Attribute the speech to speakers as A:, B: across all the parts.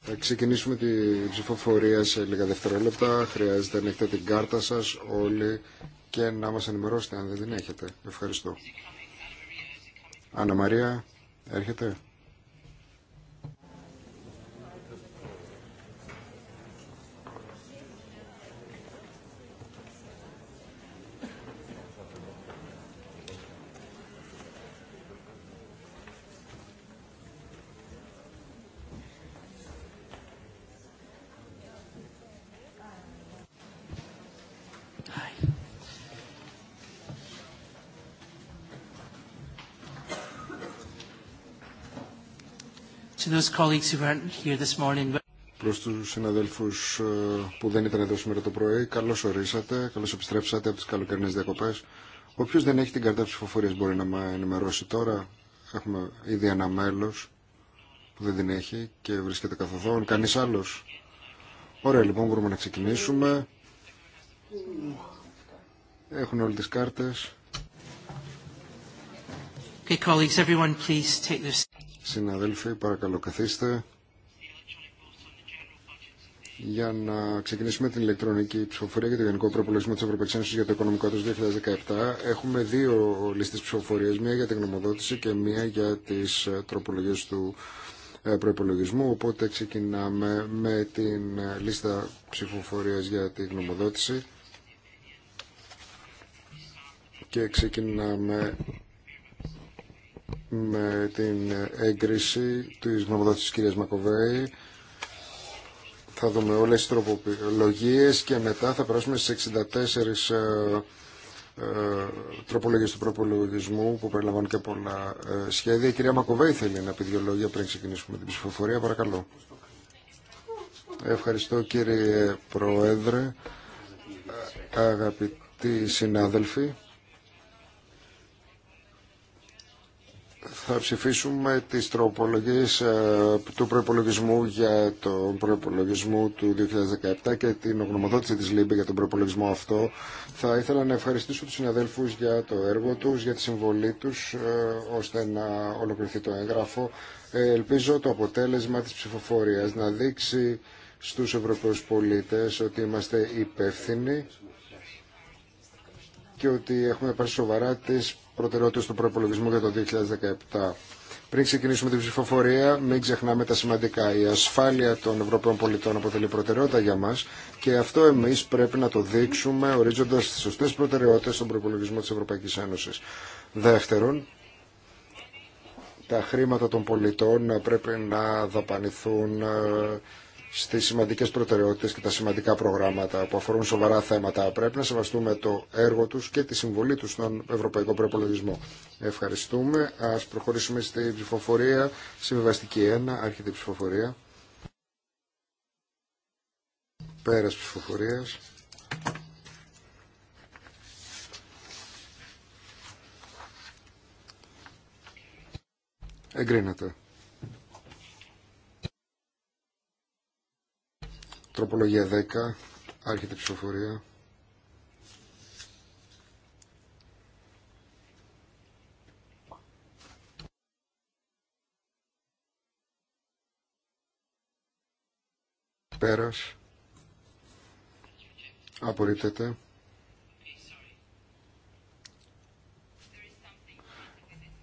A: Θα ξεκινήσουμε τη ψηφοφορία σε λίγα δευτερόλεπτα. Χρειάζεται να έχετε την κάρτα σας όλοι και να μας ενημερώσετε αν δεν την έχετε. Ευχαριστώ. Άννα Μαρία, έρχεται. Προς τους συναδέλφους ε, που δεν ήταν εδώ σήμερα το πρωί, καλώς ορίσατε, καλώς επιστρέψατε από τις καλοκαιρινές διακοπές. Όποιος δεν έχει την κάρτα ψηφοφορίας μπορεί να με ενημερώσει τώρα. Έχουμε ήδη ένα μέλος που δεν την έχει και βρίσκεται καθοδόν. Κανείς άλλος. Ωραία λοιπόν μπορούμε να ξεκινήσουμε. Έχουν όλες τις κάρτες.
B: Okay, colleagues, everyone, please take
A: Συναδέλφοι, παρακαλώ καθίστε για να ξεκινήσουμε την ηλεκτρονική ψηφοφορία για το Γενικό Προπολογισμό τη Ευρωπαϊκή Ένωση για το Οικονομικό έτο 2017. Έχουμε δύο λίστε ψηφοφορία, μία για την γνωμοδότηση και μία για τι ε, τροπολογίε του ε, προπολογισμού. Οπότε ξεκινάμε με την ε, λίστα ψηφοφορία για τη γνωμοδότηση. Και ξεκινάμε με την έγκριση της νομοδότησης τη κυρίας Μακοβέη. Θα δούμε όλες τις τροπολογίες και μετά θα περάσουμε στις 64 ε, ε, τροπολογίες του προπολογισμού που περιλαμβάνουν και πολλά ε, σχέδια. Η κυρία Μακοβέη θέλει να πει δύο λόγια πριν ξεκινήσουμε την ψηφοφορία. Παρακαλώ. Ευχαριστώ κύριε Πρόεδρε, αγαπητοί συνάδελφοι. θα ψηφίσουμε τις τροπολογίες ε, του προϋπολογισμού για τον προϋπολογισμό του 2017 και την ογνωμοδότηση της ΛΥΜΠΕ για τον προϋπολογισμό αυτό. Θα ήθελα να ευχαριστήσω τους συναδέλφους για το έργο τους, για τη συμβολή τους, ε, ώστε να ολοκληρωθεί το έγγραφο. Ε, ελπίζω το αποτέλεσμα της ψηφοφορίας να δείξει στους Ευρωπαίους πολίτες ότι είμαστε υπεύθυνοι και ότι έχουμε πάρει σοβαρά τις προτεραιότητε του προπολογισμού για το 2017. Πριν ξεκινήσουμε την ψηφοφορία, μην ξεχνάμε τα σημαντικά. Η ασφάλεια των Ευρωπαίων πολιτών αποτελεί προτεραιότητα για μα και αυτό εμεί πρέπει να το δείξουμε ορίζοντα τι σωστέ προτεραιότητε στον προπολογισμό τη Ευρωπαϊκή Ένωση. Δεύτερον, τα χρήματα των πολιτών πρέπει να δαπανηθούν ε, στις σημαντικές προτεραιότητες και τα σημαντικά προγράμματα που αφορούν σοβαρά θέματα. Πρέπει να σεβαστούμε το έργο τους και τη συμβολή τους στον Ευρωπαϊκό Προπολογισμό. Ευχαριστούμε. Ας προχωρήσουμε στη ψηφοφορία. Συμβιβαστική 1, άρχεται η ψηφοφορία. Πέρας ψηφοφορίας. Εγκρίνεται. Τροπολογία 10. Άρχεται η ψηφοφορία. Πέρας. Απορρίπτεται.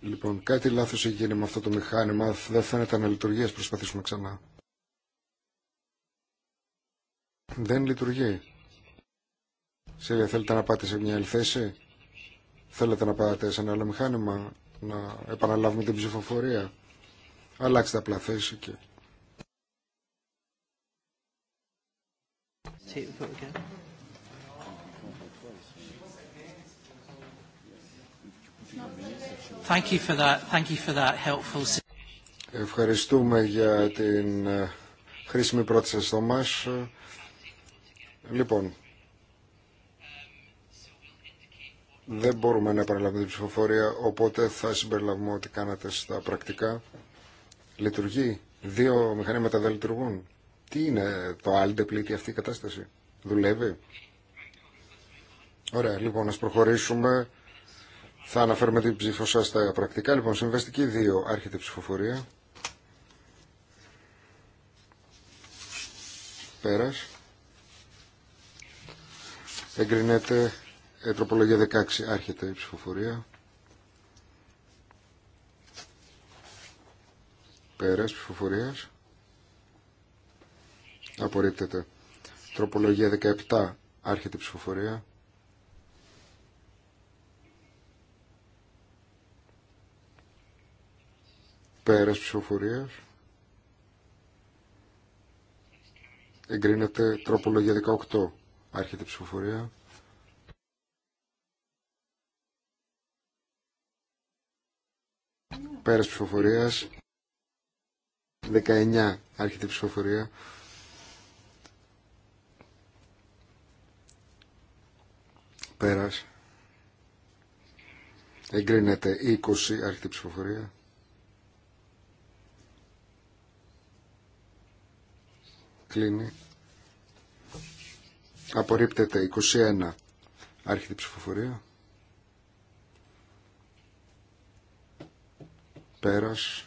A: Λοιπόν, κάτι λάθος έχει γίνει με αυτό το μηχάνημα. Δεν φαίνεται να λειτουργεί. Ας προσπαθήσουμε ξανά δεν λειτουργεί. Σίλια, θέλετε να πάτε σε μια άλλη θέση. Θέλετε να πάτε σε ένα άλλο μηχάνημα, να επαναλάβουμε την ψηφοφορία. Αλλάξτε απλά θέση και...
B: Thank you for that. Thank you for that helpful...
A: Ευχαριστούμε για την ε, χρήσιμη πρόταση στο μας. Λοιπόν, δεν μπορούμε να επαναλάβουμε την ψηφοφορία, οπότε θα συμπεριλαμβάνουμε ό,τι κάνατε στα πρακτικά. Λειτουργεί. Δύο μηχανήματα δεν λειτουργούν. Τι είναι το άλντε πλήτη αυτή η κατάσταση. Δουλεύει. Ωραία, λοιπόν, ας προχωρήσουμε. Θα αναφέρουμε την ψήφο σας στα πρακτικά. Λοιπόν, συμβαστική 2, άρχεται η ψηφοφορία. Πέρασε. Εγκρινέται ε, τροπολογία 16. Άρχεται η ψηφοφορία. Πέρας ψηφοφορίας. Απορρίπτεται. Τροπολογία 17. Άρχεται η ψηφοφορία. Πέρας ψηφοφορίας. Εγκρίνεται τροπολογία 18. Άρχεται ψηφοφορία. Πέρας ψηφοφορίας. 19. Άρχεται ψηφοφορία. Πέρας. Εγκρίνεται 20. Άρχεται ψηφοφορία. Κλείνει. Απορρίπτεται 21. Άρχεται ψηφοφορία. Πέρας.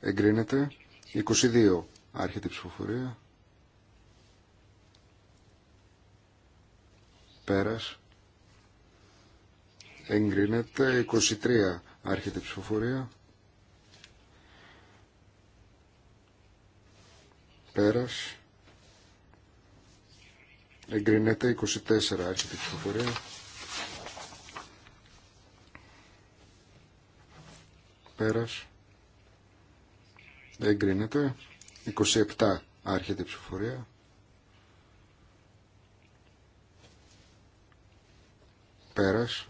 A: Εγκρίνεται. 22. Άρχεται ψηφοφορία. Πέρας. Εγκρίνεται. 23. Άρχεται ψηφοφορία. Πέρας. Εγκρίνεται 24 άρχιτε ψηφοφορία. Πέρας. Εγκρίνεται 27 άρχεται ψηφοφορία. Πέρας.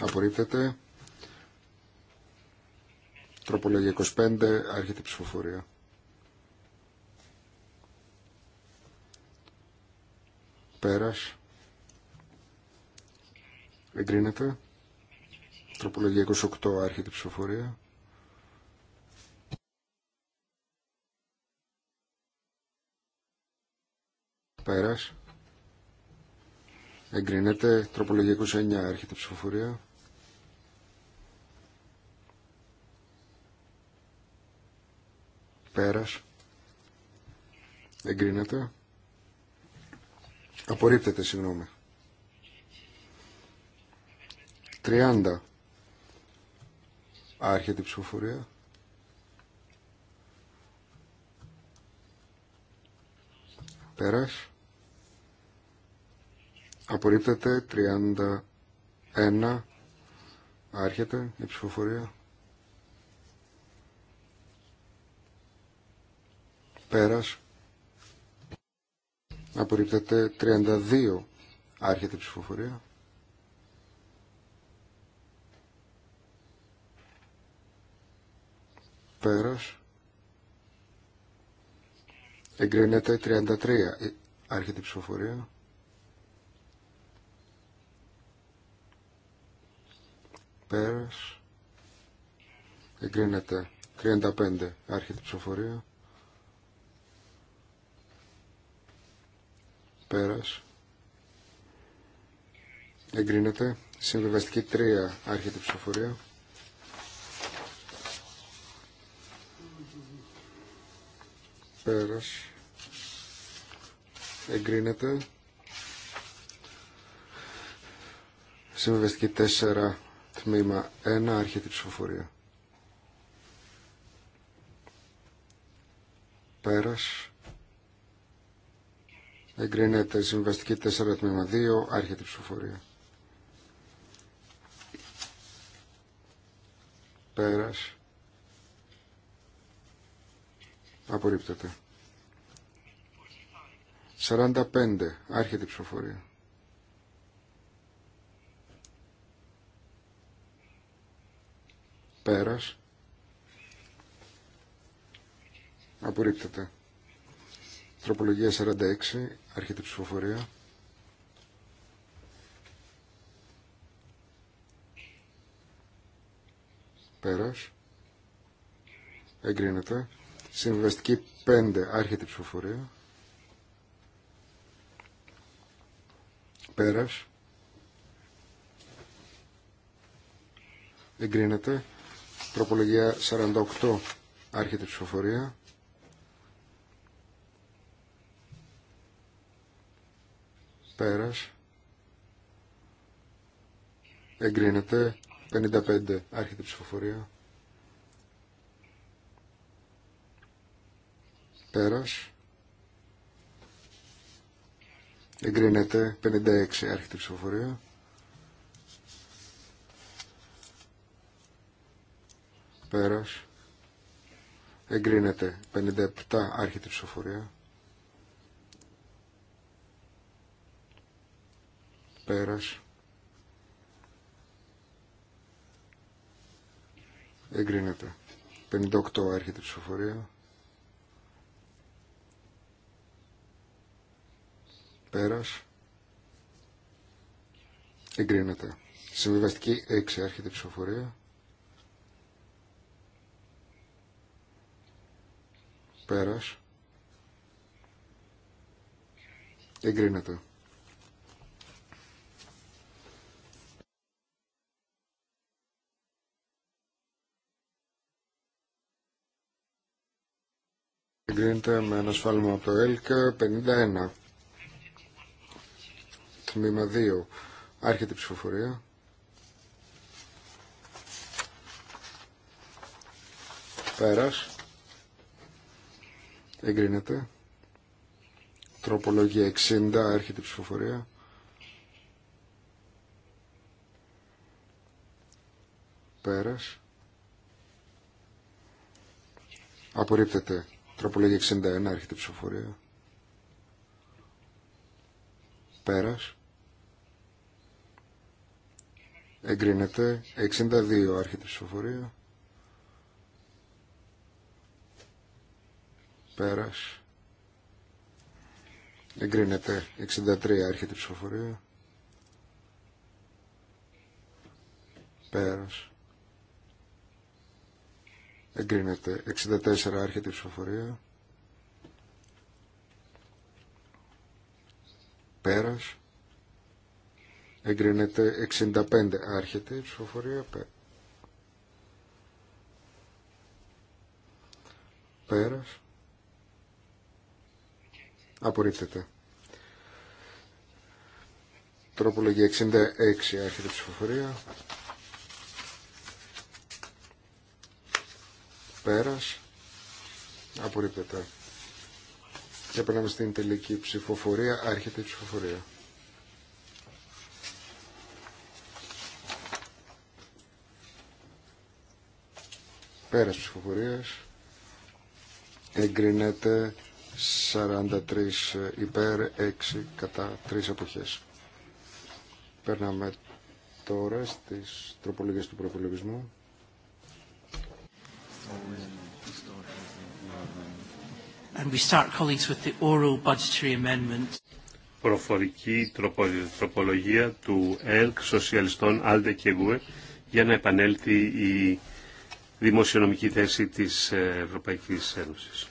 A: Απορρίπτεται. Τροπολογία 25 άρχεται ψηφοφορία. Πέρας. Εγκρίνεται. Τροπολογία 28 άρχεται ψηφοφορία. Πέρας. Εγκρίνεται. Τροπολογία 29 άρχεται ψηφοφορία. Πέρας. Εγκρίνεται. Απορρίπτεται, συγγνώμη. 30. Άρχεται η ψηφοφορία. Πέρας. Απορρίπτεται 31. Άρχεται η ψηφοφορία. Πέρας. Απορρίπτεται 32. Άρχεται ψηφοφορία. Πέρας. Εγκρίνεται 33. Ε, άρχεται ψηφοφορία. Πέρας. Εγκρίνεται 35. Άρχεται ψηφοφορία. Πέρας. Εγκρίνεται. Συμβιβαστική 3. Άρχεται η ψηφοφορία. Πέρας. Εγκρίνεται. Συμβιβαστική 4. Τμήμα 1. Άρχεται ψηφοφορία. Πέρας. Εγκρίνεται συμβαστική 4 τμήμα 2, άρχεται η ψηφοφορία. Πέρας. Απορρίπτεται. 45, άρχεται η ψηφοφορία. Πέρας. Απορρίπτεται. Τροπολογία 46, άρχεται ψηφοφορία. Πέρας. Εγκρίνεται. Συμβιβαστική 5, άρχεται ψηφοφορία. Πέρας. Εγκρίνεται. Τροπολογία 48, άρχεται ψηφοφορία. πέρας εγκρίνεται 55 άρχεται ψηφοφορία πέρας εγκρίνεται 56 άρχεται ψηφοφορία πέρας εγκρίνεται 57 άρχεται ψηφοφορία Πέρας. Εγκρίνεται. 58 έρχεται η ψηφοφορία. Πέρας. Εγκρίνεται. Συμβιβαστική 6 έρχεται η ψηφοφορία. Πέρας. Εγκρίνεται. εγκρίνεται με ένα σφάλμα από το ΕΛΚΑ 51. Τμήμα 2. Άρχεται η ψηφοφορία. Πέρας. Εγκρίνεται. Τροπολογία 60. Άρχεται η ψηφοφορία. Πέρας. Απορρίπτεται. Τροπολογία 61, έρχεται ψηφοφορία. Πέρας. Εγκρίνεται. 62, η ψηφοφορία. Πέρας. Εγκρίνεται. 63, η ψηφοφορία. Πέρας. Εγκρίνεται. 64 άρχεται η ψηφοφορία. Πέρας. Εγκρίνεται 65 άρχεται η ψηφοφορία. Πέρας. Απορρίπτεται. Τροπολογία 66 άρχεται η ψηφοφορία. πέρας απορρίπτεται και περνάμε στην τελική ψηφοφορία άρχεται η ψηφοφορία πέρας ψηφοφορίας εγκρινέται 43 υπέρ 6 κατά 3 εποχές περνάμε τώρα στις τροπολογίες του προπολογισμού
B: And we start, colleagues, with the oral budgetary amendment.
C: Προφορική τροπολογία του ΕΛΚ, Σοσιαλιστών, ΑΛΔΕ και ΓΟΕ για να επανέλθει η δημοσιονομική θέση της ε, Ευρωπαϊκής Ένωσης.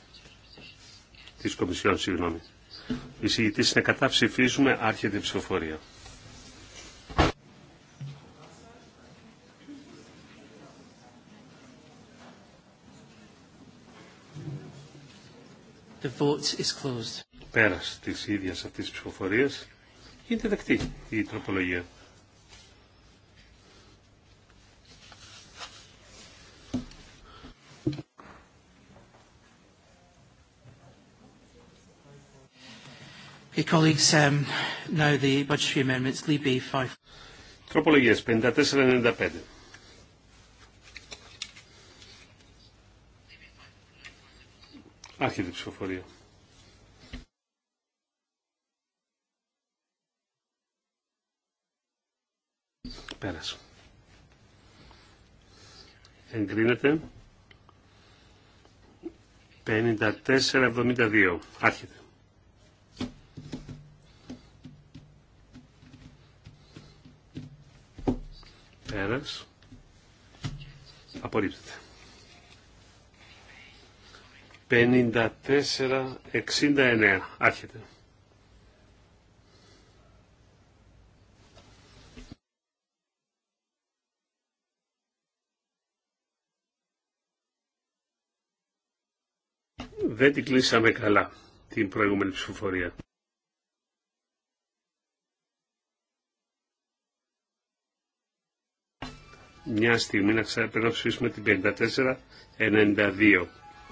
C: Της Κομισιόν, συγγνώμη. Η είναι κατά ψηφίζουμε, άρχεται η ψηφοφορία.
B: The vote is closed.
C: Πέρας της ίδιας αυτής της ψηφοφορίας
B: γίνεται δεκτή
C: η τροπολογία.
B: Hey, colleagues, um, now the budgetary amendments, Libby 5.
C: Τροπολογίες 54-95. Άρχεται η ψηφοφορία. Πέρασε. Εγκρίνεται. 54-72. Άρχεται. Πέρασε. Απορρίπτεται. 54-69. Άρχεται. Δεν την κλείσαμε καλά την προηγούμενη ψηφοφορία. Μια στιγμή να ξαναπέρα ψηφίσουμε την 54-92.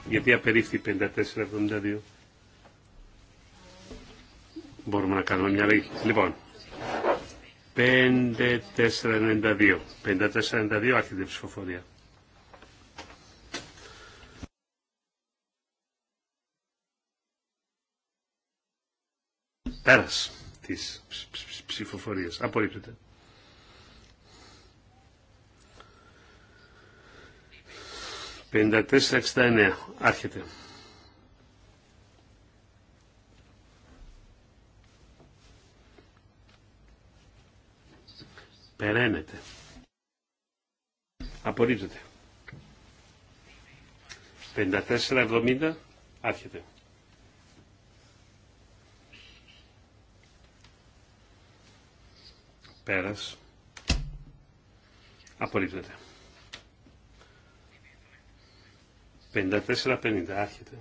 C: Γιατί απερίφθη Μπορούμε να κάνουμε μια λέγη. λοιπον 5492. 5492, 54 άρχεται η ψηφοφορία. Πέρας της ψηφοφορίας. Απορρίπτεται. 54-69. Άρχεται. Περαίνεται. Απορρίπτεται. 54-70. Άρχεται. Πέρας. Απορρίπτεται. 54-50 άρχεται.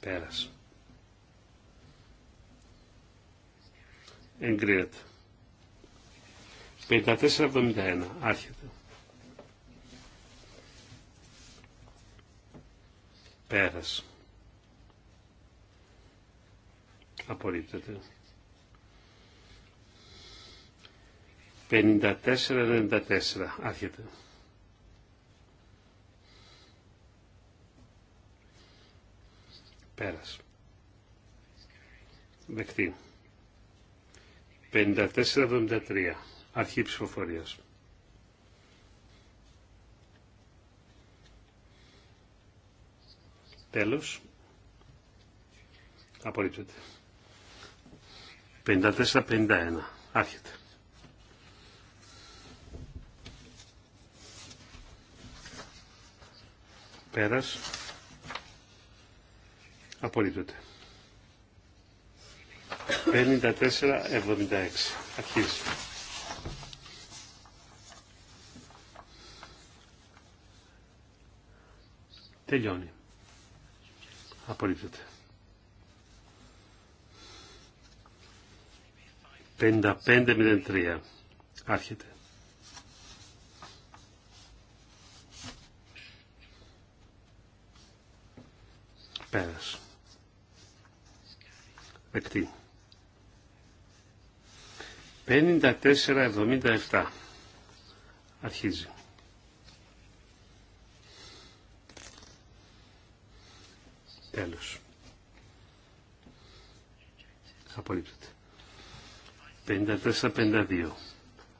C: Πέρασε. Εγκρίνεται. 54-71 άρχεται. Πέρασε. απορριπτεται Απορρίπτεται. 54-94 άρχεται. Πέρας. Δεκτή. Αρχή ψηφοφορίας. Τέλος. Απορρίπτεται. 54-51. Άρχεται. Πέρας απολυτωται 54 54-76. Αρχίζει. Τελειώνει. απολυτωται 55 55-03. Άρχεται. Πέρασε παιχτη 54 54-77 αρχίζει. Τέλος. απολυπτεται 54 54-52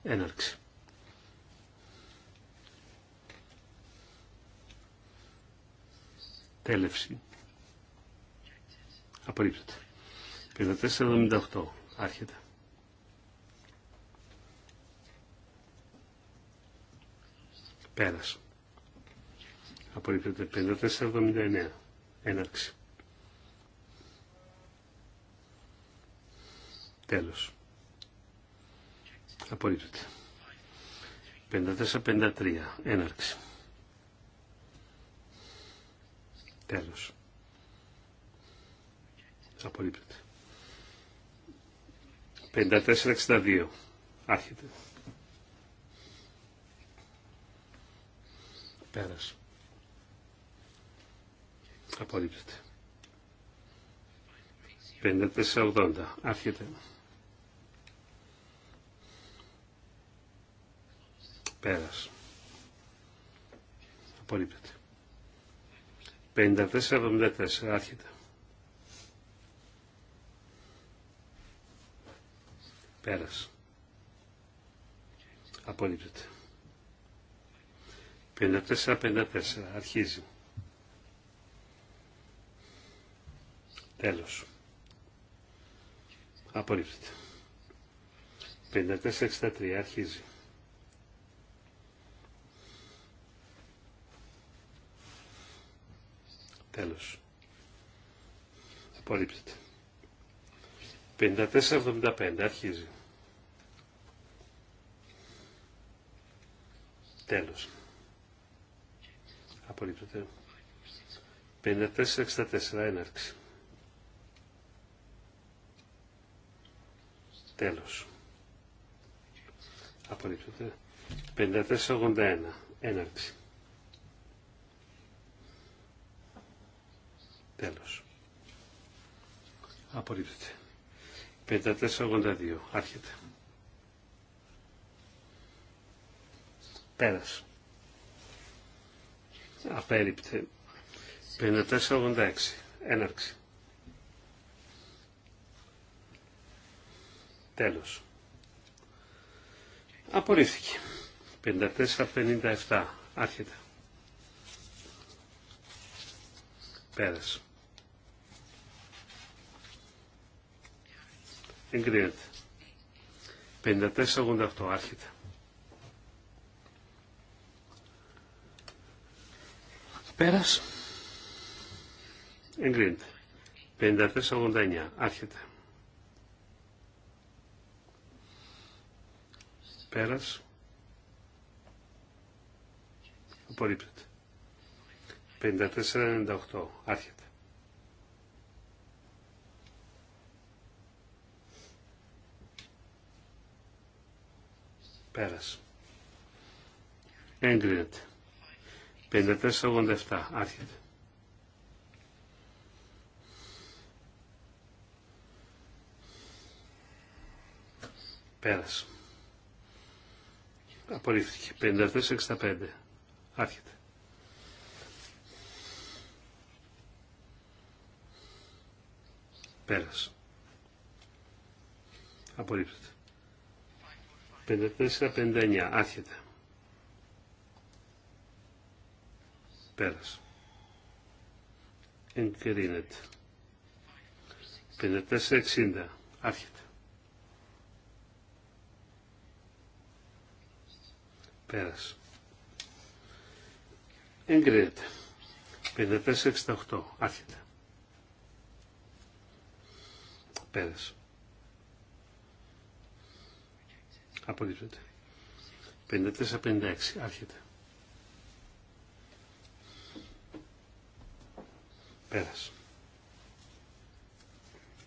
C: έναρξη. Τέλευση. Απολύπτεται. 54-78 άρχεται. Πέρας. Απορρίπτεται 54-79 έναρξη. Τέλος. Απορρίπτεται. 54-53 έναρξη. Τέλος. Απορρίπτεται. 54-62. Άρχεται. Πέρας. Απορρίπτεται. 54-80. Άρχεται. Πέρας. Απορρίπτεται. 54-74. Άρχεται. Πέρας. Απολύπτεται. 54-54. Αρχίζει. τελος Απολύπτωται Απορρίπτεται. 54-63. Αρχίζει. τελος Απολύπτωται Απορρίπτεται. 54-75. Αρχίζει. Τέλος. Απολύπτεται. έναρξη. Τέλος. Απολύπτεται. έναρξη. Τέλος. Απορρίπτεται. 54-82. Άρχεται. Πέρας. Απέριπτε. 54-86. Έναρξη. Τέλος. Απορρίφθηκε. 54-57. Άρχεται. Πέρας. Εγκρίνεται. 54-88. Άρχεται. Πέρας. Εγκρίνεται. 54-89. Άρχεται. Πέρας. Απορρίπτεται. 54-98. Άρχεται. Πέρας. Εγκρίνεται. 54-87 άρχεται. Πέρασε. Απορρίφθηκε. 54-65 άρχεται. Πέρασε. Απορρίφθηκε. 54-59 άρχεται. Πέρας. Εγκρίνεται. 54-60. Άρχεται. Πέρας. Εγκρίνεται. 54-68. Άρχεται. Πέρας. Απολύτωται. 54-56. Άρχεται. Πέρας.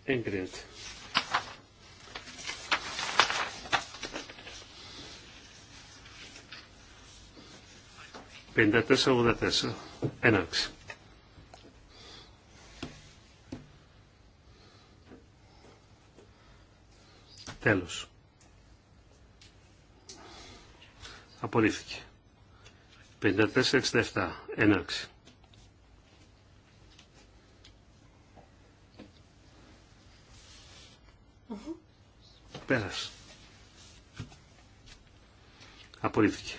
C: Εγκρίνεται. Πενήντα τέσσερα, ογδόντα Έναρξη. Τέλος. Απορρίφθηκε. 54-67. Έναρξη. περασε απορριφθηκε Απορρίφθηκε.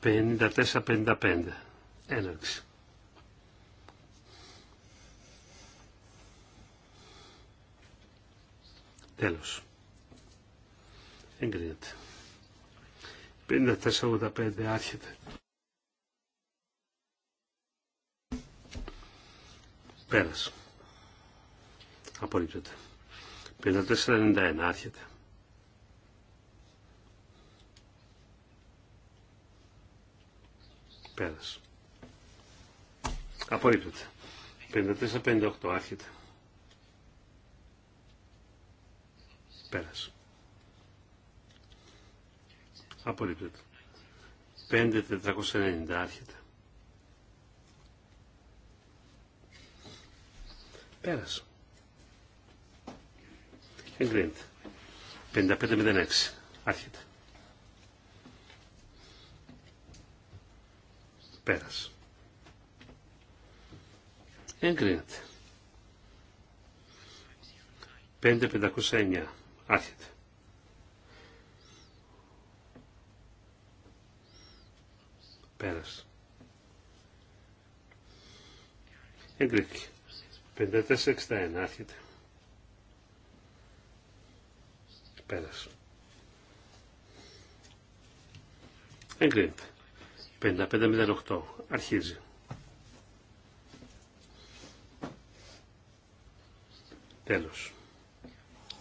C: 54-55. Έναρξη. Τέλος. Εγκρίνεται. 54-85 άρχεται. Πέρασε. Απορρίπτεται. 5491 άρχεται. Πέρασε. Απορρίπτεται. 5458 άρχεται. Πέρασε. Απορρίπτεται. 5490 άρχεται. Πέρασε. Εγκρίνεται. 55 55-06. Άρχεται. Πέρας. Εγκρίνεται. 5 5509. Άρχεται. Πέρας. Εγκρίθηκε. 5461. Άρχεται. Πέρας. Εγκρίνεται. 5508. Αρχίζει. Τέλος.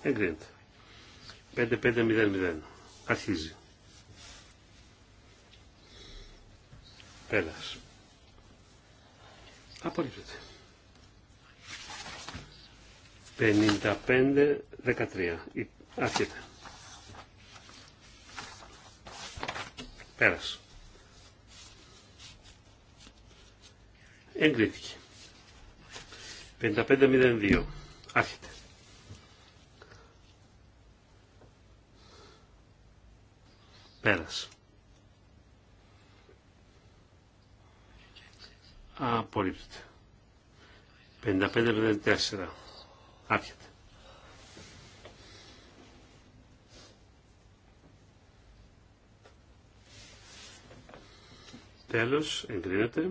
C: Εγκρίνεται. 5500. Αρχίζει. Πέρας. Απορρίπτεται. 55-13. Άρχεται. Πέρασε. Εγκρίθηκε. Εγκρίθηκε. 55-02. Άρχεται. Πέρασε. Απορρίπτεται. 55-04. Άρχεται. Τέλος, εγκρίνεται.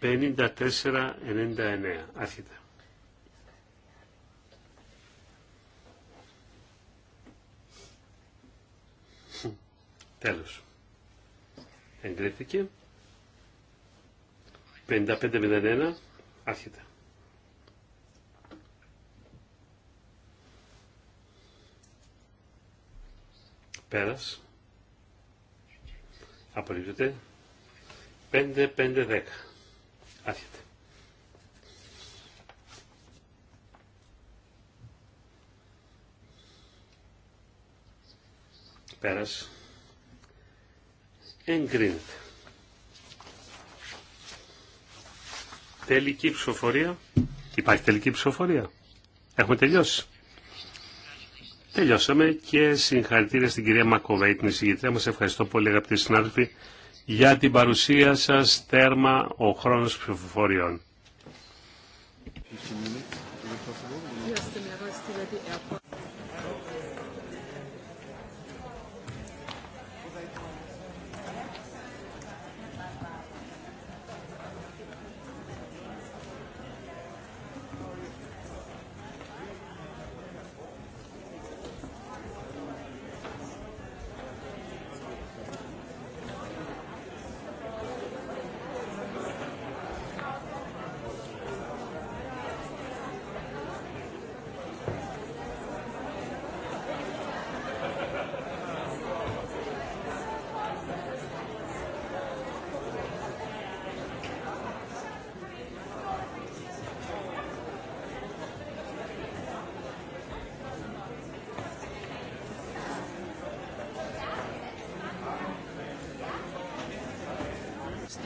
C: 54-99. Άρχεται. Τέλος. Εγκρίθηκε. 55-01. Άρχεται. Πέρας. Απορρίπτεται. 5-5-10. Άρχεται. Πέρας. Εγκρίνεται. Τελική ψηφοφορία. Υπάρχει τελική ψηφοφορία. Έχουμε τελειώσει. Τελειώσαμε και συγχαρητήρια στην κυρία Μακοβέη, την εισηγητρία μας. Ευχαριστώ πολύ αγαπητοί συνάδελφοι για την παρουσία σας τέρμα ο χρόνος ψηφοφοριών.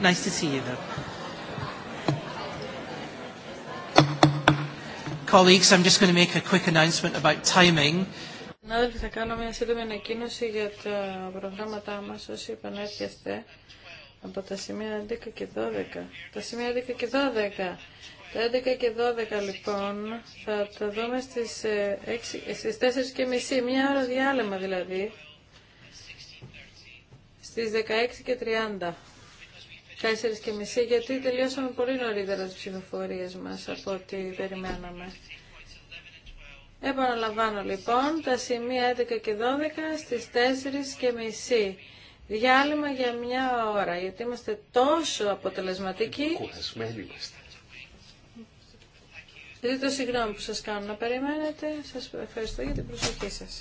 B: Nice to see you, though. Colleagues, I'm just going to make a quick announcement about timing.
D: Συνάδελφοι, θα κάνω μια σύντομη ανακοίνωση για τα προγράμματά μας όσοι επανέρχεστε από τα σημεία 11 και 12. Τα σημεία 11 και 12. Τα 11 και 12 λοιπόν θα τα δούμε στις, 6, ε, στις 4 και μισή, μια ώρα διάλειμμα δηλαδή, στις 16 και 30 τέσσερις και μισή, γιατί τελειώσαμε πολύ νωρίτερα τις ψηφοφορίες μας από ό,τι περιμέναμε. Επαναλαμβάνω λοιπόν τα σημεία 11 και 12 στις 4 και μισή. Διάλειμμα για μια ώρα, γιατί είμαστε τόσο αποτελεσματικοί.
C: Κουρασμένοι είμαστε.
D: Ζήτω συγγνώμη που σας κάνω να περιμένετε. Σας ευχαριστώ για την προσοχή σας.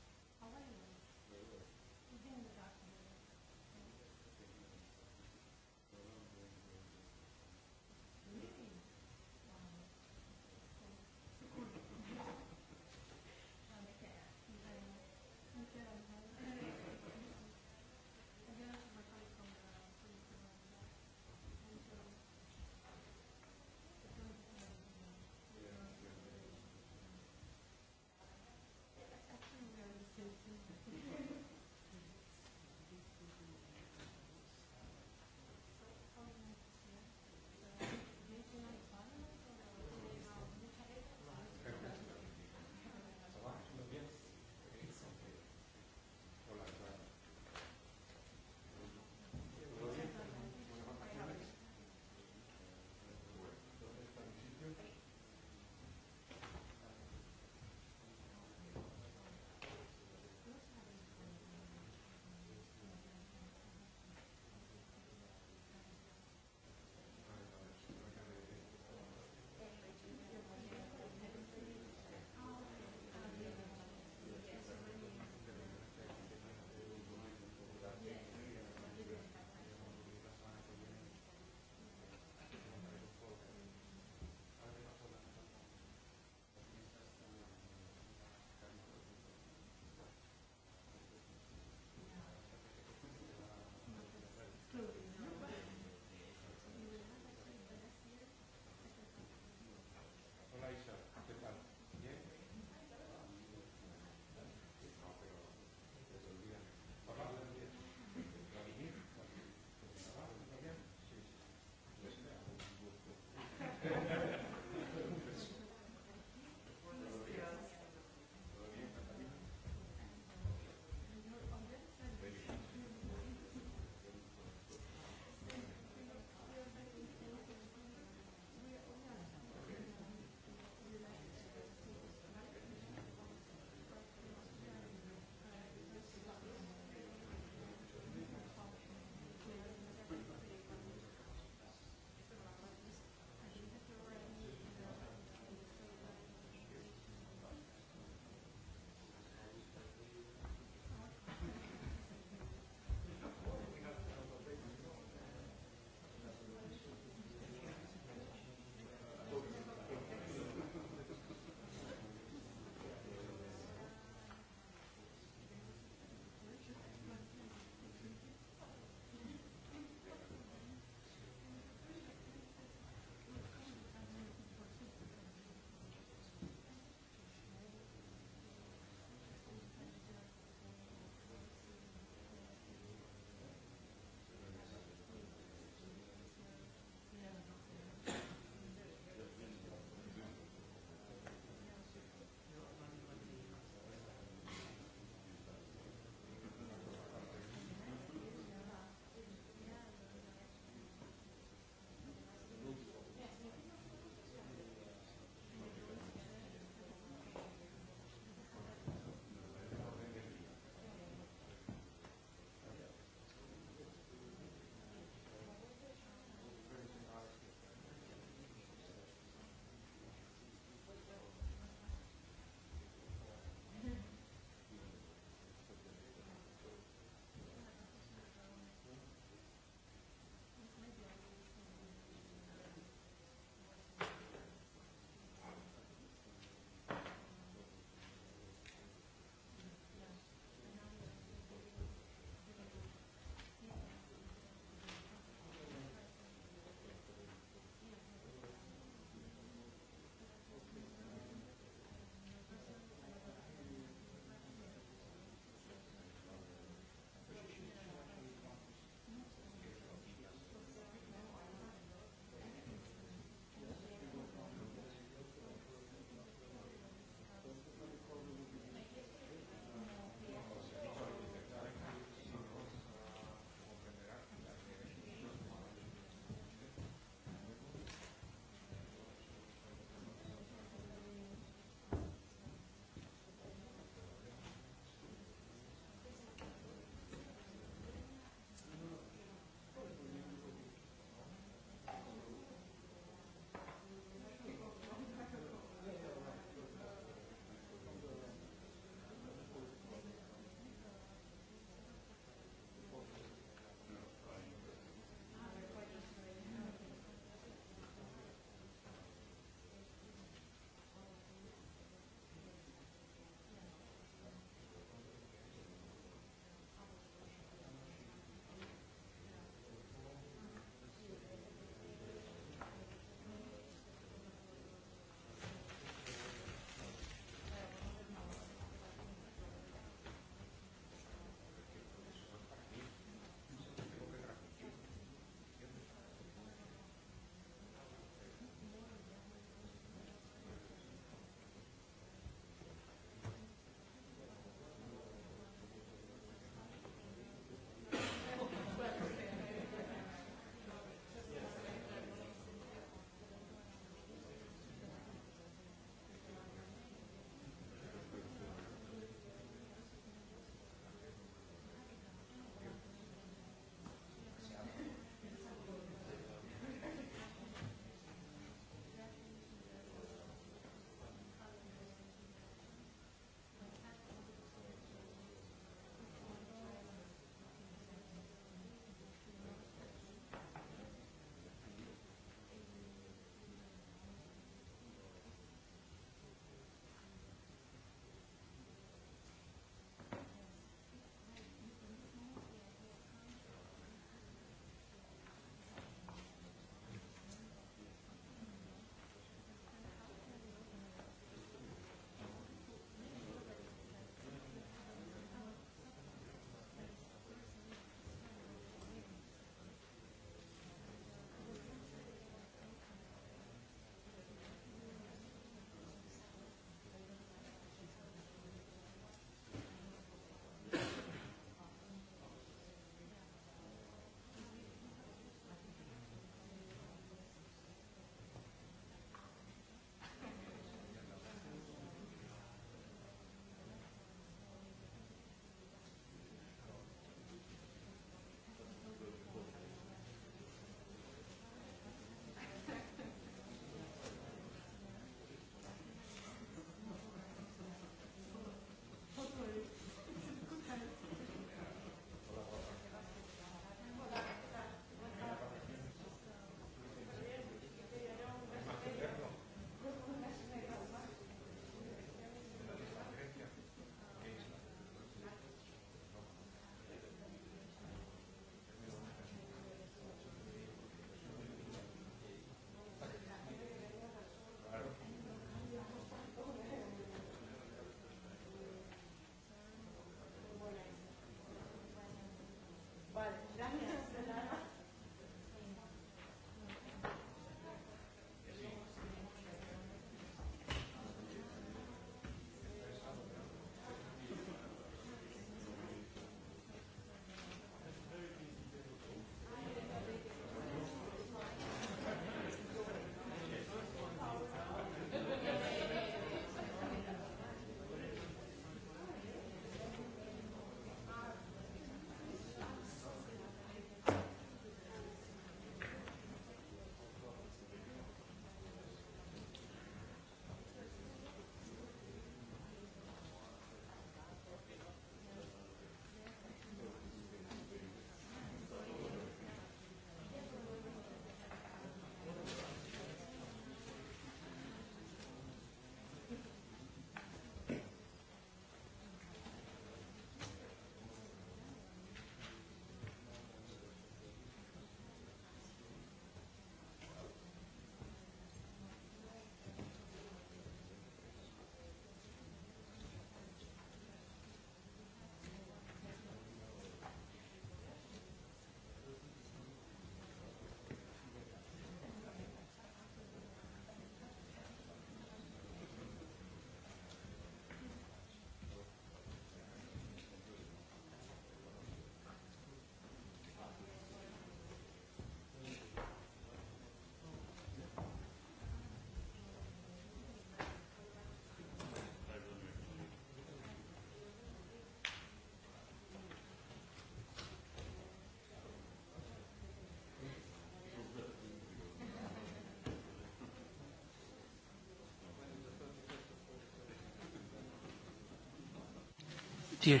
B: Dear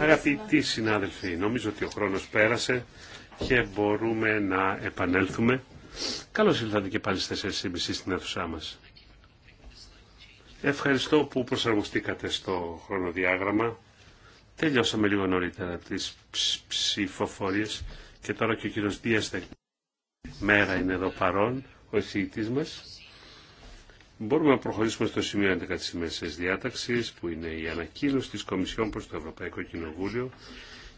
C: Αγαπητοί συνάδελφοι, νομίζω ότι ο χρόνος πέρασε και μπορούμε να επανέλθουμε. Καλώς ήλθατε και πάλι στις 4.30 στην αίθουσά μας. Ευχαριστώ που προσαρμοστήκατε στο χρονοδιάγραμμα. Τελειώσαμε λίγο νωρίτερα τις ψηφοφορίες και τώρα και ο κύριος Δίας Μέρα είναι εδώ παρόν, ο εισηγητής μας. Μπορούμε να προχωρήσουμε στο σημείο 11 της τη διάταξης, που είναι η ανακοίνωση της Κομισιόν προς το Ευρωπαϊκό Κοινοβούλιο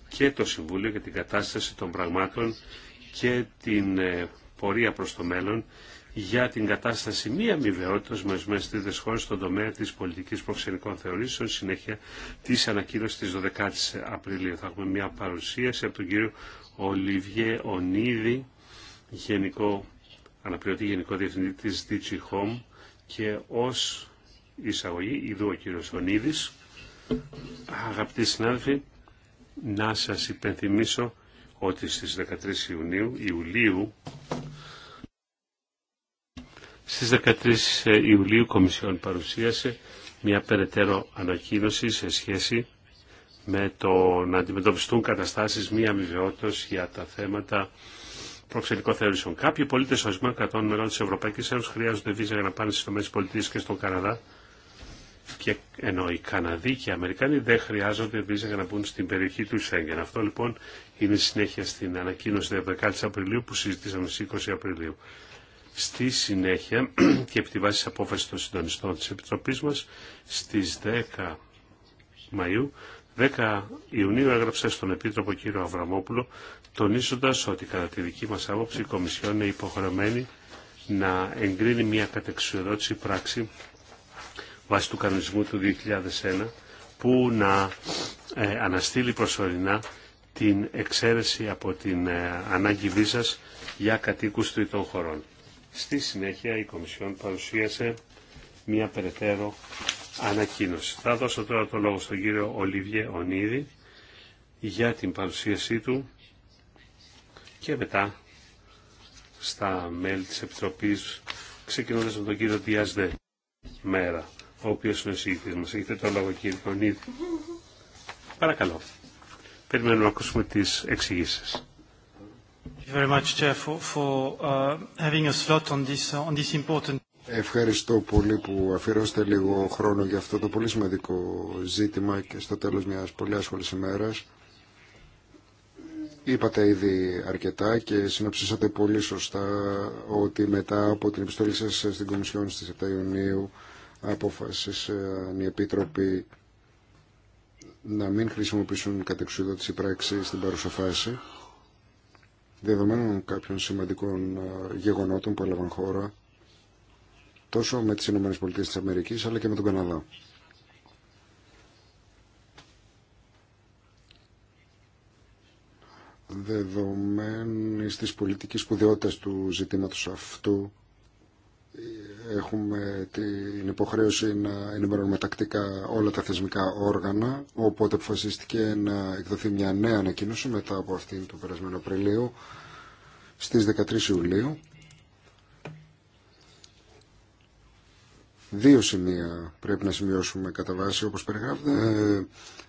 C: και το Συμβούλιο για την κατάσταση των πραγμάτων και την ε, πορεία προς το μέλλον για την κατάσταση μη αμοιβαιότητας με τις τρίτε χώρες στον τομέα της πολιτικής προξενικών θεωρήσεων. Συνέχεια της ανακοίνωση της 12 η Απριλίου θα έχουμε μια παρουσίαση από τον κύριο Ολιβιέ Ονίδη, γενικό, αναπληρωτή γενικό διευθυντή τη DG και ως εισαγωγή, ειδού ο κύριος Ονίδης, αγαπητοί συνάδελφοι, να σας υπενθυμίσω ότι στις 13 Ιουνίου, Ιουλίου, στις 13 ε, Ιουλίου η Κομισιόν παρουσίασε μια περαιτέρω ανακοίνωση σε σχέση με το να αντιμετωπιστούν καταστάσεις μη αμοιβαιότητας για τα θέματα προξενικό θεωρήσεων. Κάποιοι πολίτε ορισμένων κρατών μελών τη Ευρωπαϊκή Ένωση χρειάζονται βίζα για να πάνε στι ΗΠΑ και στον Καναδά. Και ενώ οι Καναδοί και οι Αμερικάνοι δεν χρειάζονται βίζα για να μπουν στην περιοχή του Σέγγεν. Αυτό λοιπόν είναι συνέχεια στην ανακοίνωση 10 Απριλίου που συζητήσαμε στι 20 Απριλίου. Στη συνέχεια και επί τη βάση τη απόφαση των συντονιστών τη Επιτροπή μα στι 10 Μαου 10 Ιουνίου έγραψε στον Επίτροπο κύριο Αβραμόπουλο τονίζοντας ότι κατά τη δική μας άποψη η Κομισιόν είναι υποχρεωμένη να εγκρίνει μια κατεξουδότηση πράξη βάσει του κανονισμού του 2001 που να ε, αναστείλει προσωρινά την εξαίρεση από την ε, ανάγκη βίζας για κατοίκους τριτών χωρών. Στη συνέχεια η Κομισιόν παρουσίασε μια περαιτέρω ανακοίνωση. Θα δώσω τώρα το λόγο στον κύριο Ολίβιε Ονίδη για την παρουσίασή του και μετά στα μέλη της Επιτροπής ξεκινώντας με τον κύριο Διασδέ, Μέρα, ο οποίος είναι ο συγητής μας. Έχετε το λόγο κύριε Κονίδη. Παρακαλώ. Περιμένουμε να ακούσουμε τις εξηγήσεις.
B: Uh, uh,
A: Ευχαριστώ πολύ που αφιερώσετε λίγο χρόνο για αυτό το πολύ σημαντικό ζήτημα και στο τέλος μιας πολύ άσχολης ημέρας. Είπατε ήδη αρκετά και συνοψίσατε πολύ σωστά ότι μετά από την επιστολή σας στην Κομισιόν στις 7 Ιουνίου αποφάσισαν οι Επίτροποι να μην χρησιμοποιήσουν κατεξουδότηση πράξη στην παρούσα φάση δεδομένων κάποιων σημαντικών ε, γεγονότων που έλαβαν χώρα τόσο με τις ΗΠΑ αλλά και με τον Καναδά. δεδομένης της πολιτικής σπουδαιότητας του ζητήματος αυτού έχουμε την υποχρέωση να ενημερώνουμε τακτικά όλα τα θεσμικά όργανα οπότε αποφασίστηκε να εκδοθεί μια νέα ανακοίνωση μετά από αυτήν του περασμένου Απριλίου στις 13 Ιουλίου Δύο σημεία πρέπει να σημειώσουμε κατά βάση όπως περιγράφεται ε,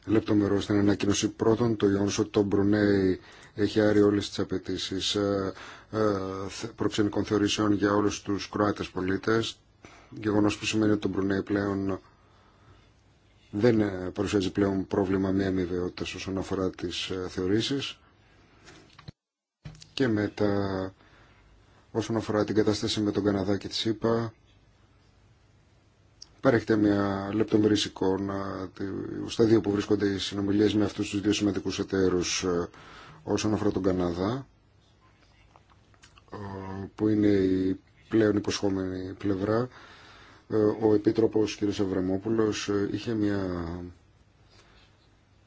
A: λεπτομερώς στην ανακοίνωση πρώτον το Ιόνσο, ότι το Μπρουνέι έχει άρει όλες τις απαιτήσεις ε, ε, προξενικών θεωρήσεων για όλους τους Κροάτες πολίτες, γεγονός που σημαίνει ότι το Μπρουνέι πλέον δεν ε, παρουσιάζει πλέον πρόβλημα με αμοιβαιότητα όσον αφορά τις θεωρήσεις και μετά όσον αφορά την κατάσταση με τον Καναδά και τη ΣΥΠΑ παρέχεται μια λεπτομερή εικόνα στα δύο που βρίσκονται οι συνομιλίες με αυτούς τους δύο σημαντικούς εταίρους όσον αφορά τον Καναδά ε, που είναι η πλέον υποσχόμενη πλευρά ε, ο Επίτροπος κ. Αβραμόπουλος ε, είχε μια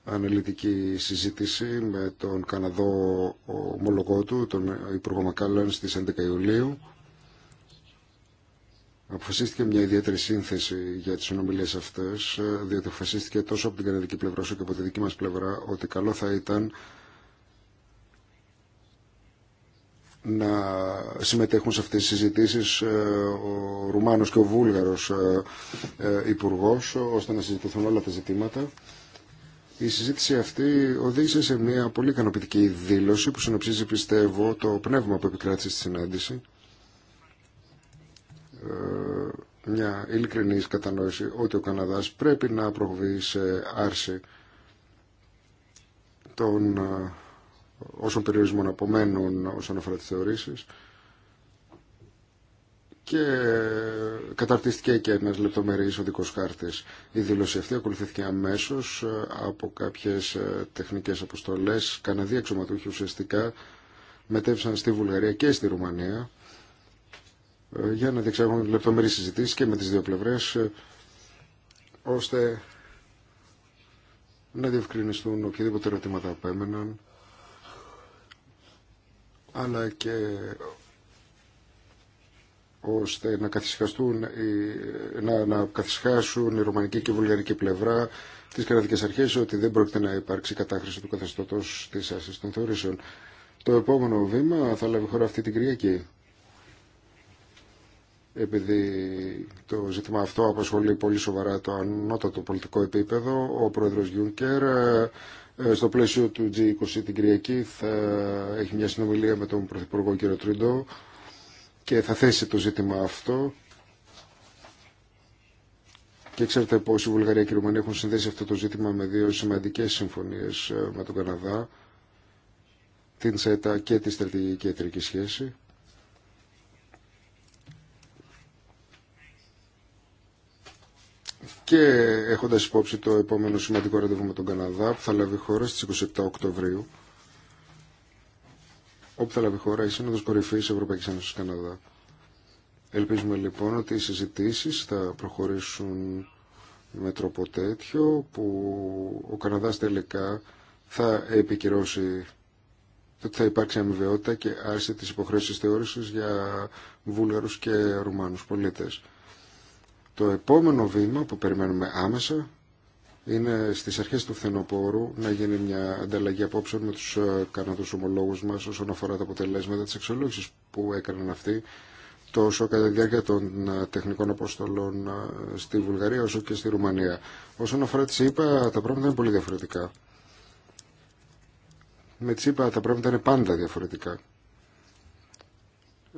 A: αναλυτική συζήτηση με τον Καναδό ομολογό του, τον Υπουργό Μακάλλαν στις 11 Ιουλίου Αποφασίστηκε μια ιδιαίτερη σύνθεση για τις συνομιλίες αυτές, διότι αποφασίστηκε τόσο από την καναδική πλευρά όσο και από τη δική μας πλευρά ότι καλό θα ήταν να συμμετέχουν σε αυτές τις συζητήσεις ε, ο Ρουμάνος και ο Βούλγαρος ε, ε, υπουργός ώστε να συζητηθούν όλα τα ζητήματα. Η συζήτηση αυτή οδήγησε σε μια πολύ ικανοποιητική δήλωση που συνοψίζει πιστεύω το πνεύμα που επικράτησε στη συνάντηση. Μια ειλικρινής κατανόηση ότι ο Καναδάς πρέπει να προβεί σε άρση των όσων περιορισμών απομένουν όσον αφορά τις θεωρήσεις και καταρτίστηκε και ένας λεπτομερής οδικός χάρτης. Η δήλωση αυτή ακολουθήθηκε αμέσως από κάποιες ε, τεχνικές αποστολές. Καναδοί αξιωματούχοι ουσιαστικά μετέβησαν στη Βουλγαρία και στη Ρουμανία ε, για να διεξάγουν λεπτομερή συζητήσεις και με τις δύο πλευρές ε, ώστε να διευκρινιστούν οποιαδήποτε ερωτήματα απέμεναν αλλά και ώστε να καθισχαστούν, να, να καθισχάσουν η ρωμανική και η βουλγαρική πλευρά τις κρατικές αρχές ότι δεν πρόκειται να υπάρξει κατάχρηση του καθεστώτος της άσκηση των θεωρήσεων. Το επόμενο βήμα θα λάβει χώρα αυτή την Κυριακή. Επειδή το ζήτημα αυτό απασχολεί πολύ σοβαρά το ανώτατο πολιτικό επίπεδο, ο πρόεδρος Γιούνκερ ε, στο πλαίσιο του G20 την Κυριακή θα έχει μια συνομιλία με τον Πρωθυπουργό κ. Τριντό και θα θέσει το ζήτημα αυτό. Και ξέρετε πως η Βουλγαρία και η Ρουμανία έχουν συνδέσει αυτό το ζήτημα με δύο σημαντικές συμφωνίες ε, με τον Καναδά, την ΣΕΤΑ και τη στρατηγική εταιρική σχέση. και έχοντα υπόψη το επόμενο σημαντικό ραντεβού με τον Καναδά που θα λάβει χώρα στι 27 Οκτωβρίου όπου θα λάβει χώρα η Σύνοδο κορυφή Ευρωπαϊκή Ένωση Καναδά. Ελπίζουμε λοιπόν ότι οι συζητήσει θα προχωρήσουν με τρόπο τέτοιο που ο Καναδάς τελικά θα επικυρώσει ότι θα υπάρξει αμοιβαιότητα και άρση τη υποχρέωση θεώρηση για Βούλγαρου και Ρουμάνους πολίτε. Το επόμενο βήμα που περιμένουμε άμεσα είναι στις αρχές του φθινοπόρου να γίνει μια ανταλλαγή απόψεων με τους ε, καναδούς ομολόγους μας όσον αφορά τα αποτελέσματα της εξολόγησης που έκαναν αυτοί τόσο κατά τη διάρκεια των ε, τεχνικών αποστολών ε, στη Βουλγαρία όσο και στη Ρουμανία. Όσον αφορά τη ΣΥΠΑ, τα πράγματα είναι πολύ διαφορετικά. Με τη ΣΥΠΑ τα πράγματα είναι πάντα διαφορετικά.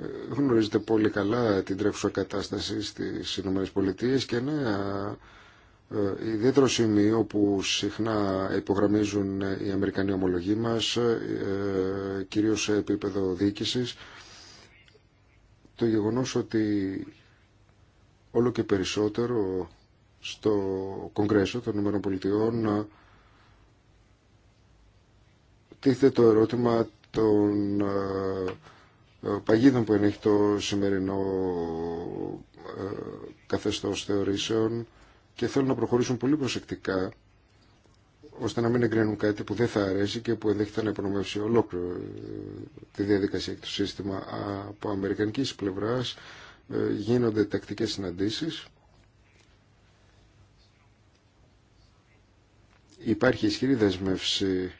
A: Ε, γνωρίζετε πολύ καλά την τρέχουσα κατάσταση στις Ηνωμένες Πολιτείες και ένα ε, ιδιαίτερο σημείο που συχνά υπογραμμίζουν οι Αμερικανοί ομολογοί μας, ε, κυρίως σε επίπεδο διοίκησης, το γεγονός ότι όλο και περισσότερο στο Κογκρέσο των Ηνωμένων Πολιτειών τίθεται το ερώτημα των παγίδων που ενέχει το σημερινό ε, καθεστώς θεωρήσεων και θέλουν να προχωρήσουν πολύ προσεκτικά ώστε να μην εγκρίνουν κάτι που δεν θα αρέσει και που ενδέχεται να υπονομεύσει ολόκληρο ε, τη διαδικασία και το σύστημα από αμερικανικής πλευράς ε, γίνονται τακτικές συναντήσεις υπάρχει ισχυρή δεσμεύση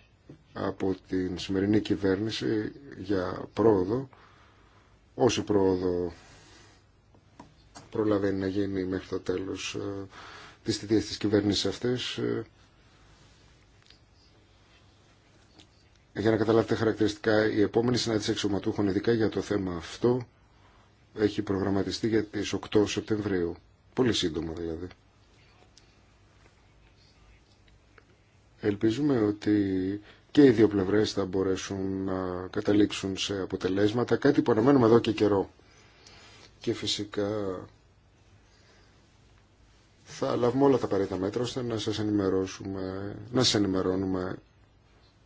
A: από την σημερινή κυβέρνηση για πρόοδο όση πρόοδο προλαβαίνει να γίνει μέχρι το τέλος ε, της θητείας της κυβέρνησης αυτής. Ε, για να καταλάβετε χαρακτηριστικά, η επόμενη συνάντηση εξωματούχων, ειδικά για το θέμα αυτό, έχει προγραμματιστεί για τις 8 Σεπτεμβρίου. Πολύ σύντομα δηλαδή. Ελπίζουμε ότι και οι δύο πλευρές θα μπορέσουν να καταλήξουν σε αποτελέσματα, κάτι που αναμένουμε εδώ και καιρό. Και φυσικά θα λάβουμε όλα τα απαραίτητα μέτρα ώστε να σας ενημερώσουμε, να σας ενημερώνουμε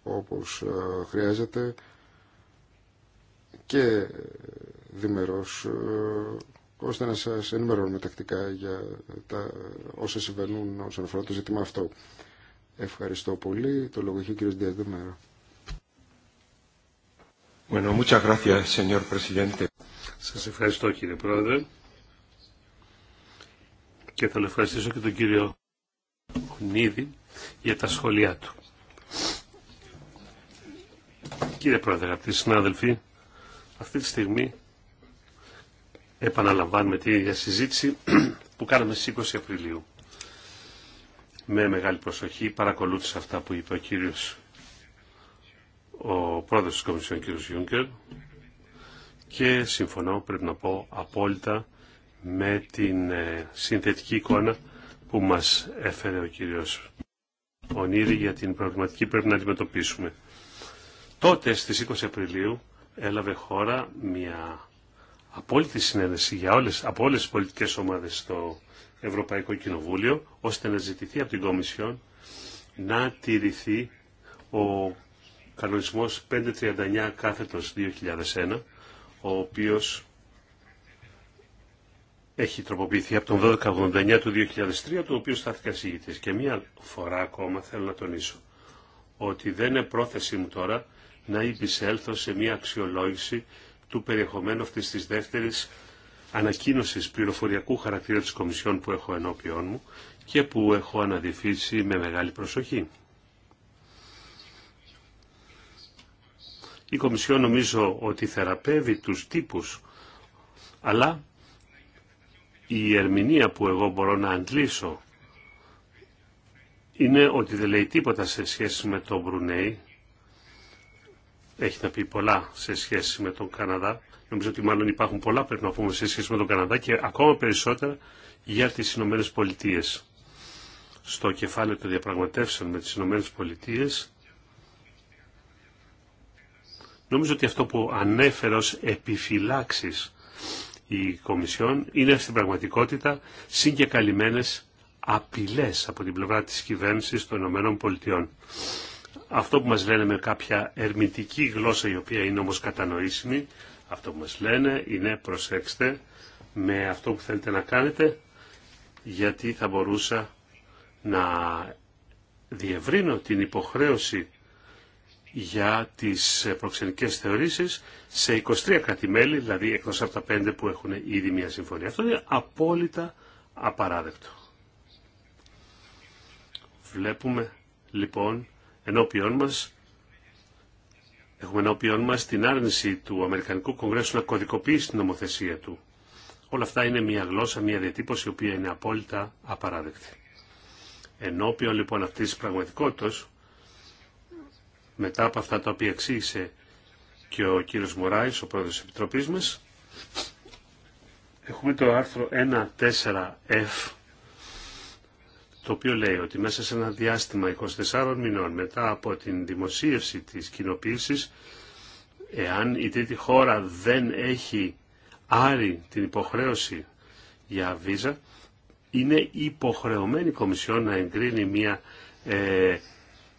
A: όπως ε, χρειάζεται και δημερώς ε, ώστε να σας ενημερώνουμε τακτικά για τα όσα συμβαίνουν όσον αφορά το ζήτημα αυτό. Ευχαριστώ πολύ. Το λόγο έχει ο κύριος Διαδεμέρα.
C: Bueno, muchas gracias, señor presidente.
A: Σας ευχαριστώ κύριε Πρόεδρε
C: και θα ευχαριστήσω και τον κύριο Κουνίδη για τα σχόλιά του. Κύριε Πρόεδρε, αγαπητοί συνάδελφοι, αυτή τη στιγμή επαναλαμβάνουμε τη ίδια συζήτηση που κάναμε στις 20 Απριλίου με μεγάλη προσοχή παρακολούθησα αυτά που είπε ο κύριος ο πρόεδρος της Κομισιόν κύριος Γιούγκερ και συμφωνώ πρέπει να πω απόλυτα με την ε, συνθετική εικόνα που μας έφερε ο κύριος Ονίδη για την προβληματική που πρέπει να αντιμετωπίσουμε. Τότε στις 20 Απριλίου έλαβε χώρα μια απόλυτη συνένεση για όλες, από όλες τις πολιτικές ομάδες στο Ευρωπαϊκό Κοινοβούλιο, ώστε να ζητηθεί από την Κομισιόν να τηρηθεί ο κανονισμός 539 κάθετος 2001, ο οποίος έχει τροποποιηθεί από τον 1289 του 2003, το οποίο στάθηκα συγητής. Και μία φορά ακόμα θέλω να τονίσω ότι δεν είναι πρόθεσή μου τώρα να υπησέλθω σε μία αξιολόγηση του περιεχομένου αυτής της δεύτερης ανακοίνωσης πληροφοριακού χαρακτήρα της Κομισιόν που έχω ενώπιόν μου και που έχω αναδιφύσει με μεγάλη προσοχή. Η Κομισιόν νομίζω ότι θεραπεύει τους τύπους, αλλά η ερμηνεία που εγώ μπορώ να αντλήσω είναι ότι δεν λέει τίποτα σε σχέση με τον Μπρουνέι, έχει να πει πολλά σε σχέση με τον Καναδά, Νομίζω ότι μάλλον υπάρχουν πολλά πρέπει να πούμε σε σχέση με τον Καναδά και ακόμα περισσότερα για τις Ηνωμένε Πολιτείε. Στο κεφάλαιο των διαπραγματεύσεων με τις Ηνωμένε Πολιτείε. Νομίζω ότι αυτό που ανέφερε ως επιφυλάξεις η Κομισιόν είναι στην πραγματικότητα συγκεκαλυμμένες απειλές από την πλευρά της κυβέρνησης των Ηνωμένων Πολιτειών. Αυτό που μας λένε με κάποια ερμητική γλώσσα η οποία είναι όμως κατανοήσιμη αυτό που μας λένε είναι προσέξτε με αυτό που θέλετε να κάνετε γιατί θα μπορούσα να διευρύνω την υποχρέωση για τις προξενικές θεωρήσεις σε 23 κρατημέλη, δηλαδή εκτός από τα 5 που έχουν ήδη μια συμφωνία. Αυτό είναι απόλυτα απαράδεκτο. Βλέπουμε λοιπόν ενώπιόν μας Έχουμε ενώπιον μας την άρνηση του Αμερικανικού Κογκρέσου να κωδικοποιήσει την νομοθεσία του. Όλα αυτά είναι μια γλώσσα, μια διατύπωση, η οποία είναι απόλυτα απαράδεκτη. Ενώπιον λοιπόν αυτή της πραγματικότητα, μετά από αυτά τα οποία εξήγησε και ο κύριος Μωράης, ο πρόεδρος της Επιτροπής μας, έχουμε το άρθρο 1.4.F το οποίο λέει ότι μέσα σε ένα διάστημα 24 μηνών μετά από την δημοσίευση της κοινοποίηση, εάν η τρίτη χώρα δεν έχει άρει την υποχρέωση για βίζα, είναι υποχρεωμένη η Κομισιόν να εγκρίνει μια ε,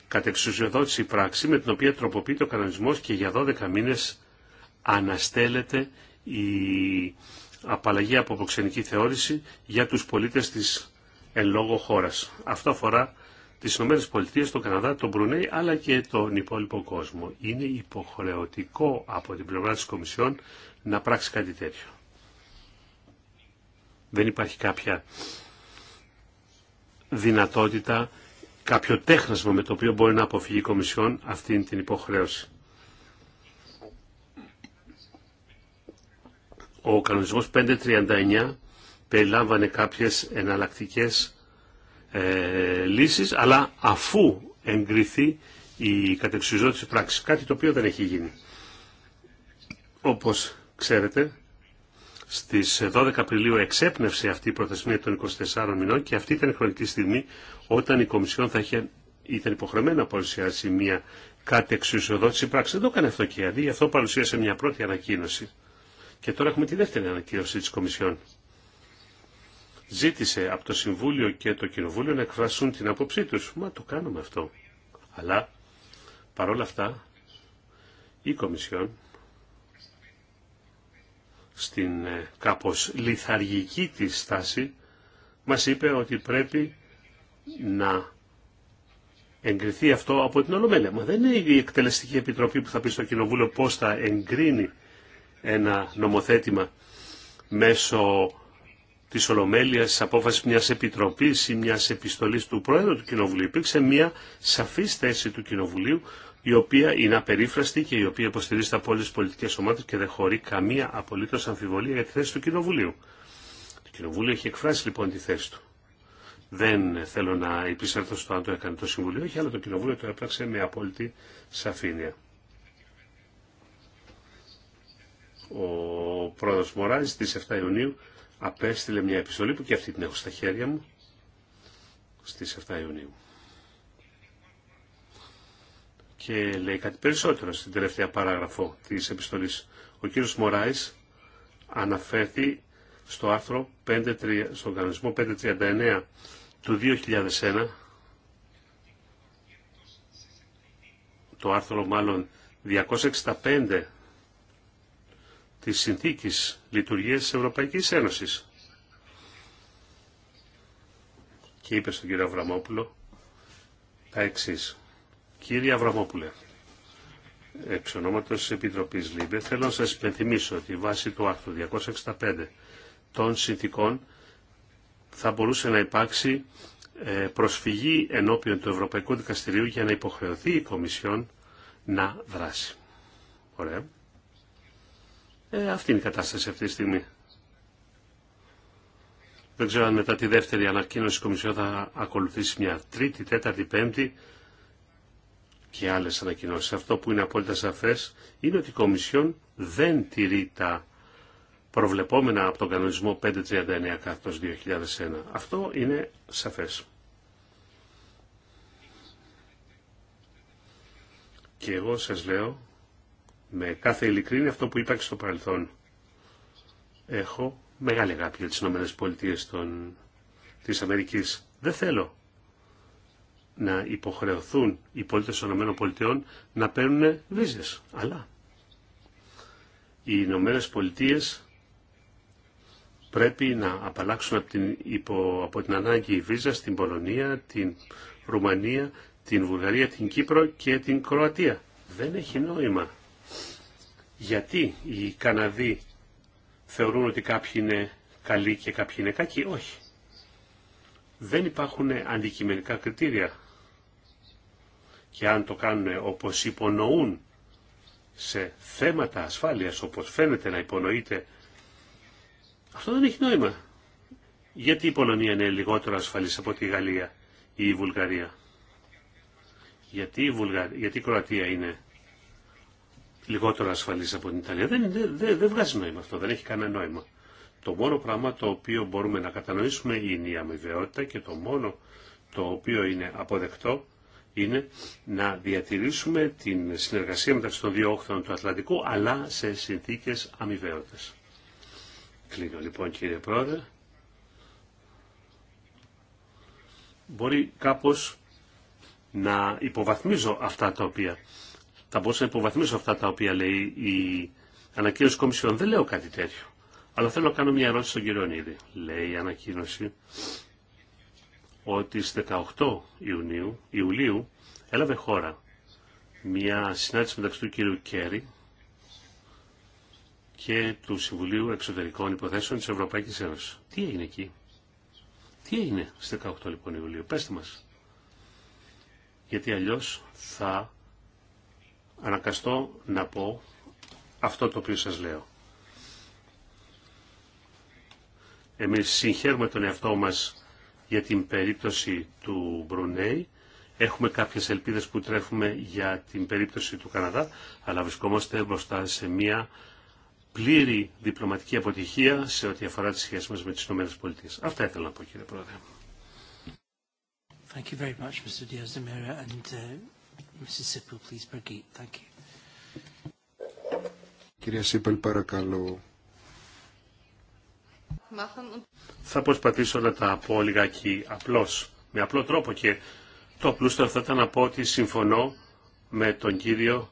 C: κατεξουσιοδότηση πράξη με την οποία τροποποιείται ο κανονισμός και για 12 μήνες αναστέλλεται η απαλλαγή από προξενική θεώρηση για τους πολίτες της εν λόγω χώρα. Αυτό αφορά τις ΗΠΑ, τον Καναδά, τον Μπρουνέι αλλά και τον υπόλοιπο κόσμο. Είναι υποχρεωτικό από την πλευρά τη Κομισιόν να πράξει κάτι τέτοιο. Δεν υπάρχει κάποια δυνατότητα, κάποιο τέχνασμα με το οποίο μπορεί να αποφύγει η Κομισιόν αυτή την υποχρέωση. Ο κανονισμός 539 περιλάμβανε κάποιες εναλλακτικές ε, λύσεις, αλλά αφού εγκριθεί η κατεξουσιοδότηση πράξη, κάτι το οποίο δεν έχει γίνει. Όπως ξέρετε, στις 12 Απριλίου εξέπνευσε αυτή η προθεσμία των 24 μηνών και αυτή ήταν η χρονική στιγμή όταν η Κομισιόν θα είχε, ήταν υποχρεωμένη να παρουσιάσει μια κατεξουσιοδότηση πράξη. Δεν το έκανε αυτό και αντί, γι' αυτό παρουσίασε μια πρώτη ανακοίνωση. Και τώρα έχουμε τη δεύτερη ανακοίνωση της Κομισιόν ζήτησε από το Συμβούλιο και το Κοινοβούλιο να εκφράσουν την άποψή τους. Μα το κάνουμε αυτό. Αλλά παρόλα αυτά η Κομισιόν στην ε, κάπως λιθαργική της στάση μας είπε ότι πρέπει να εγκριθεί αυτό από την Ολομέλεια. Μα δεν είναι η εκτελεστική επιτροπή που θα πει στο Κοινοβούλιο πώς θα εγκρίνει ένα νομοθέτημα μέσω της Ολομέλειας, της απόφασης μιας επιτροπής ή μιας επιστολής του Πρόεδρου του Κοινοβουλίου. Υπήρξε μια σαφής θέση του Κοινοβουλίου η οποία υπηρξε μια σαφη θεση του απερίφραστη και η οποία υποστηρίζεται από όλε τι πολιτικέ ομάδε και δεν χωρεί καμία απολύτω αμφιβολία για τη θέση του Κοινοβουλίου. Το Κοινοβούλιο έχει εκφράσει λοιπόν τη θέση του. Δεν θέλω να επισέλθω στο αν το έκανε το Συμβουλίο, όχι, αλλά το Κοινοβούλιο το έπραξε με απόλυτη σαφήνεια. Ο πρόεδρος Μωράζης στις 7 Ιουνίου απέστειλε μια επιστολή που και αυτή την έχω στα χέρια μου στις 7 Ιουνίου. Και λέει κάτι περισσότερο στην τελευταία παράγραφο της επιστολής. Ο κύριος Μωράης αναφέρθη στο άρθρο 5, στον κανονισμό 539 του 2001 το άρθρο μάλλον 265 της συνθήκης λειτουργίας της Ευρωπαϊκής Ένωσης. Και είπε στον κύριο Αβραμόπουλο τα εξή. Κύριε Αβραμόπουλε, εξ ονόματος της Επιτροπής ΛΥΜΠΕ, θέλω να σας υπενθυμίσω ότι βάσει του άρθρου 265 των συνθήκων θα μπορούσε να υπάρξει ε, προσφυγή ενώπιον του Ευρωπαϊκού Δικαστηρίου για να υποχρεωθεί η Κομισιόν να δράσει. Ωραία. Ε, αυτή είναι η κατάσταση αυτή τη στιγμή. Δεν ξέρω αν μετά τη δεύτερη ανακοίνωση η Κομισιόν θα ακολουθήσει μια τρίτη, τέταρτη, πέμπτη και άλλες ανακοινώσεις. Αυτό που είναι απόλυτα σαφές είναι ότι η Κομισιόν δεν τηρεί τα προβλεπόμενα από τον κανονισμό 539 καθώς 2001. Αυτό είναι σαφές. Και εγώ σας λέω με κάθε ειλικρίνη αυτό που είπα και στο παρελθόν. Έχω μεγάλη αγάπη για τις Ηνωμένες Πολιτείες των... της Αμερικής. Δεν θέλω να υποχρεωθούν οι πολίτες των Ηνωμένων Πολιτείων να παίρνουν βίζες. Αλλά οι Ηνωμένε Πολιτείες πρέπει να απαλλάξουν από την, υπο, από την ανάγκη βίζα στην Πολωνία, την Ρουμανία, την Βουλγαρία, την Κύπρο και την Κροατία. Δεν έχει νόημα γιατί οι Καναδοί θεωρούν ότι κάποιοι είναι καλοί και κάποιοι είναι κακοί. Όχι. Δεν υπάρχουν αντικειμενικά κριτήρια. Και αν το κάνουν όπως υπονοούν σε θέματα ασφάλειας, όπως φαίνεται να υπονοείται, αυτό δεν έχει νόημα. Γιατί η Πολωνία είναι λιγότερο ασφαλής από τη Γαλλία ή η Βουλγαρία. Γιατί η, Βουλγαρία, γιατί η Κροατία είναι λιγότερο ασφαλής από την Ιταλία. Δεν, δεν, δεν βγάζει νόημα αυτό, δεν έχει κανένα νόημα. Το μόνο πράγμα το οποίο μπορούμε να κατανοήσουμε είναι η αμοιβαιότητα και το μόνο το οποίο είναι αποδεκτό είναι να διατηρήσουμε την συνεργασία μεταξύ των δύο όχθων του Ατλαντικού αλλά σε συνθήκες αμοιβαιότητας. Κλείνω λοιπόν κύριε Πρόεδρε. Μπορεί κάπως να υποβαθμίζω αυτά τα οποία θα μπορούσα να υποβαθμίσω αυτά τα οποία λέει η ανακοίνωση κομισιών. Δεν λέω κάτι τέτοιο. Αλλά θέλω να κάνω μια ερώτηση στον κύριο Νίδη. Λέει η ανακοίνωση ότι στις 18 Ιουνίου, Ιουλίου έλαβε χώρα μια συνάντηση μεταξύ του κύριου Κέρι και του Συμβουλίου Εξωτερικών Υποθέσεων της Ευρωπαϊκής Ένωσης. Τι έγινε εκεί. Τι έγινε στις 18 λοιπόν Ιουλίου. Πέστε μας. Γιατί αλλιώς θα ανακαστώ να πω αυτό το οποίο σας λέω. Εμείς συγχαίρουμε τον εαυτό μας για την περίπτωση του Μπρουνέη. Έχουμε κάποιες ελπίδες που τρέφουμε για την περίπτωση του Καναδά, αλλά βρισκόμαστε μπροστά σε μια πλήρη διπλωματική αποτυχία σε ό,τι αφορά τις σχέσεις μας με τις ΗΠΑ. Αυτά ήθελα να πω
B: κύριε Πρόεδρε. Mrs. Sippel, please,
A: παρακαλώ. Θα προσπαθήσω να
C: τα πω λιγάκι απλώς, με απλό τρόπο και το απλούστερο θα ήταν να πω ότι συμφωνώ με τον κύριο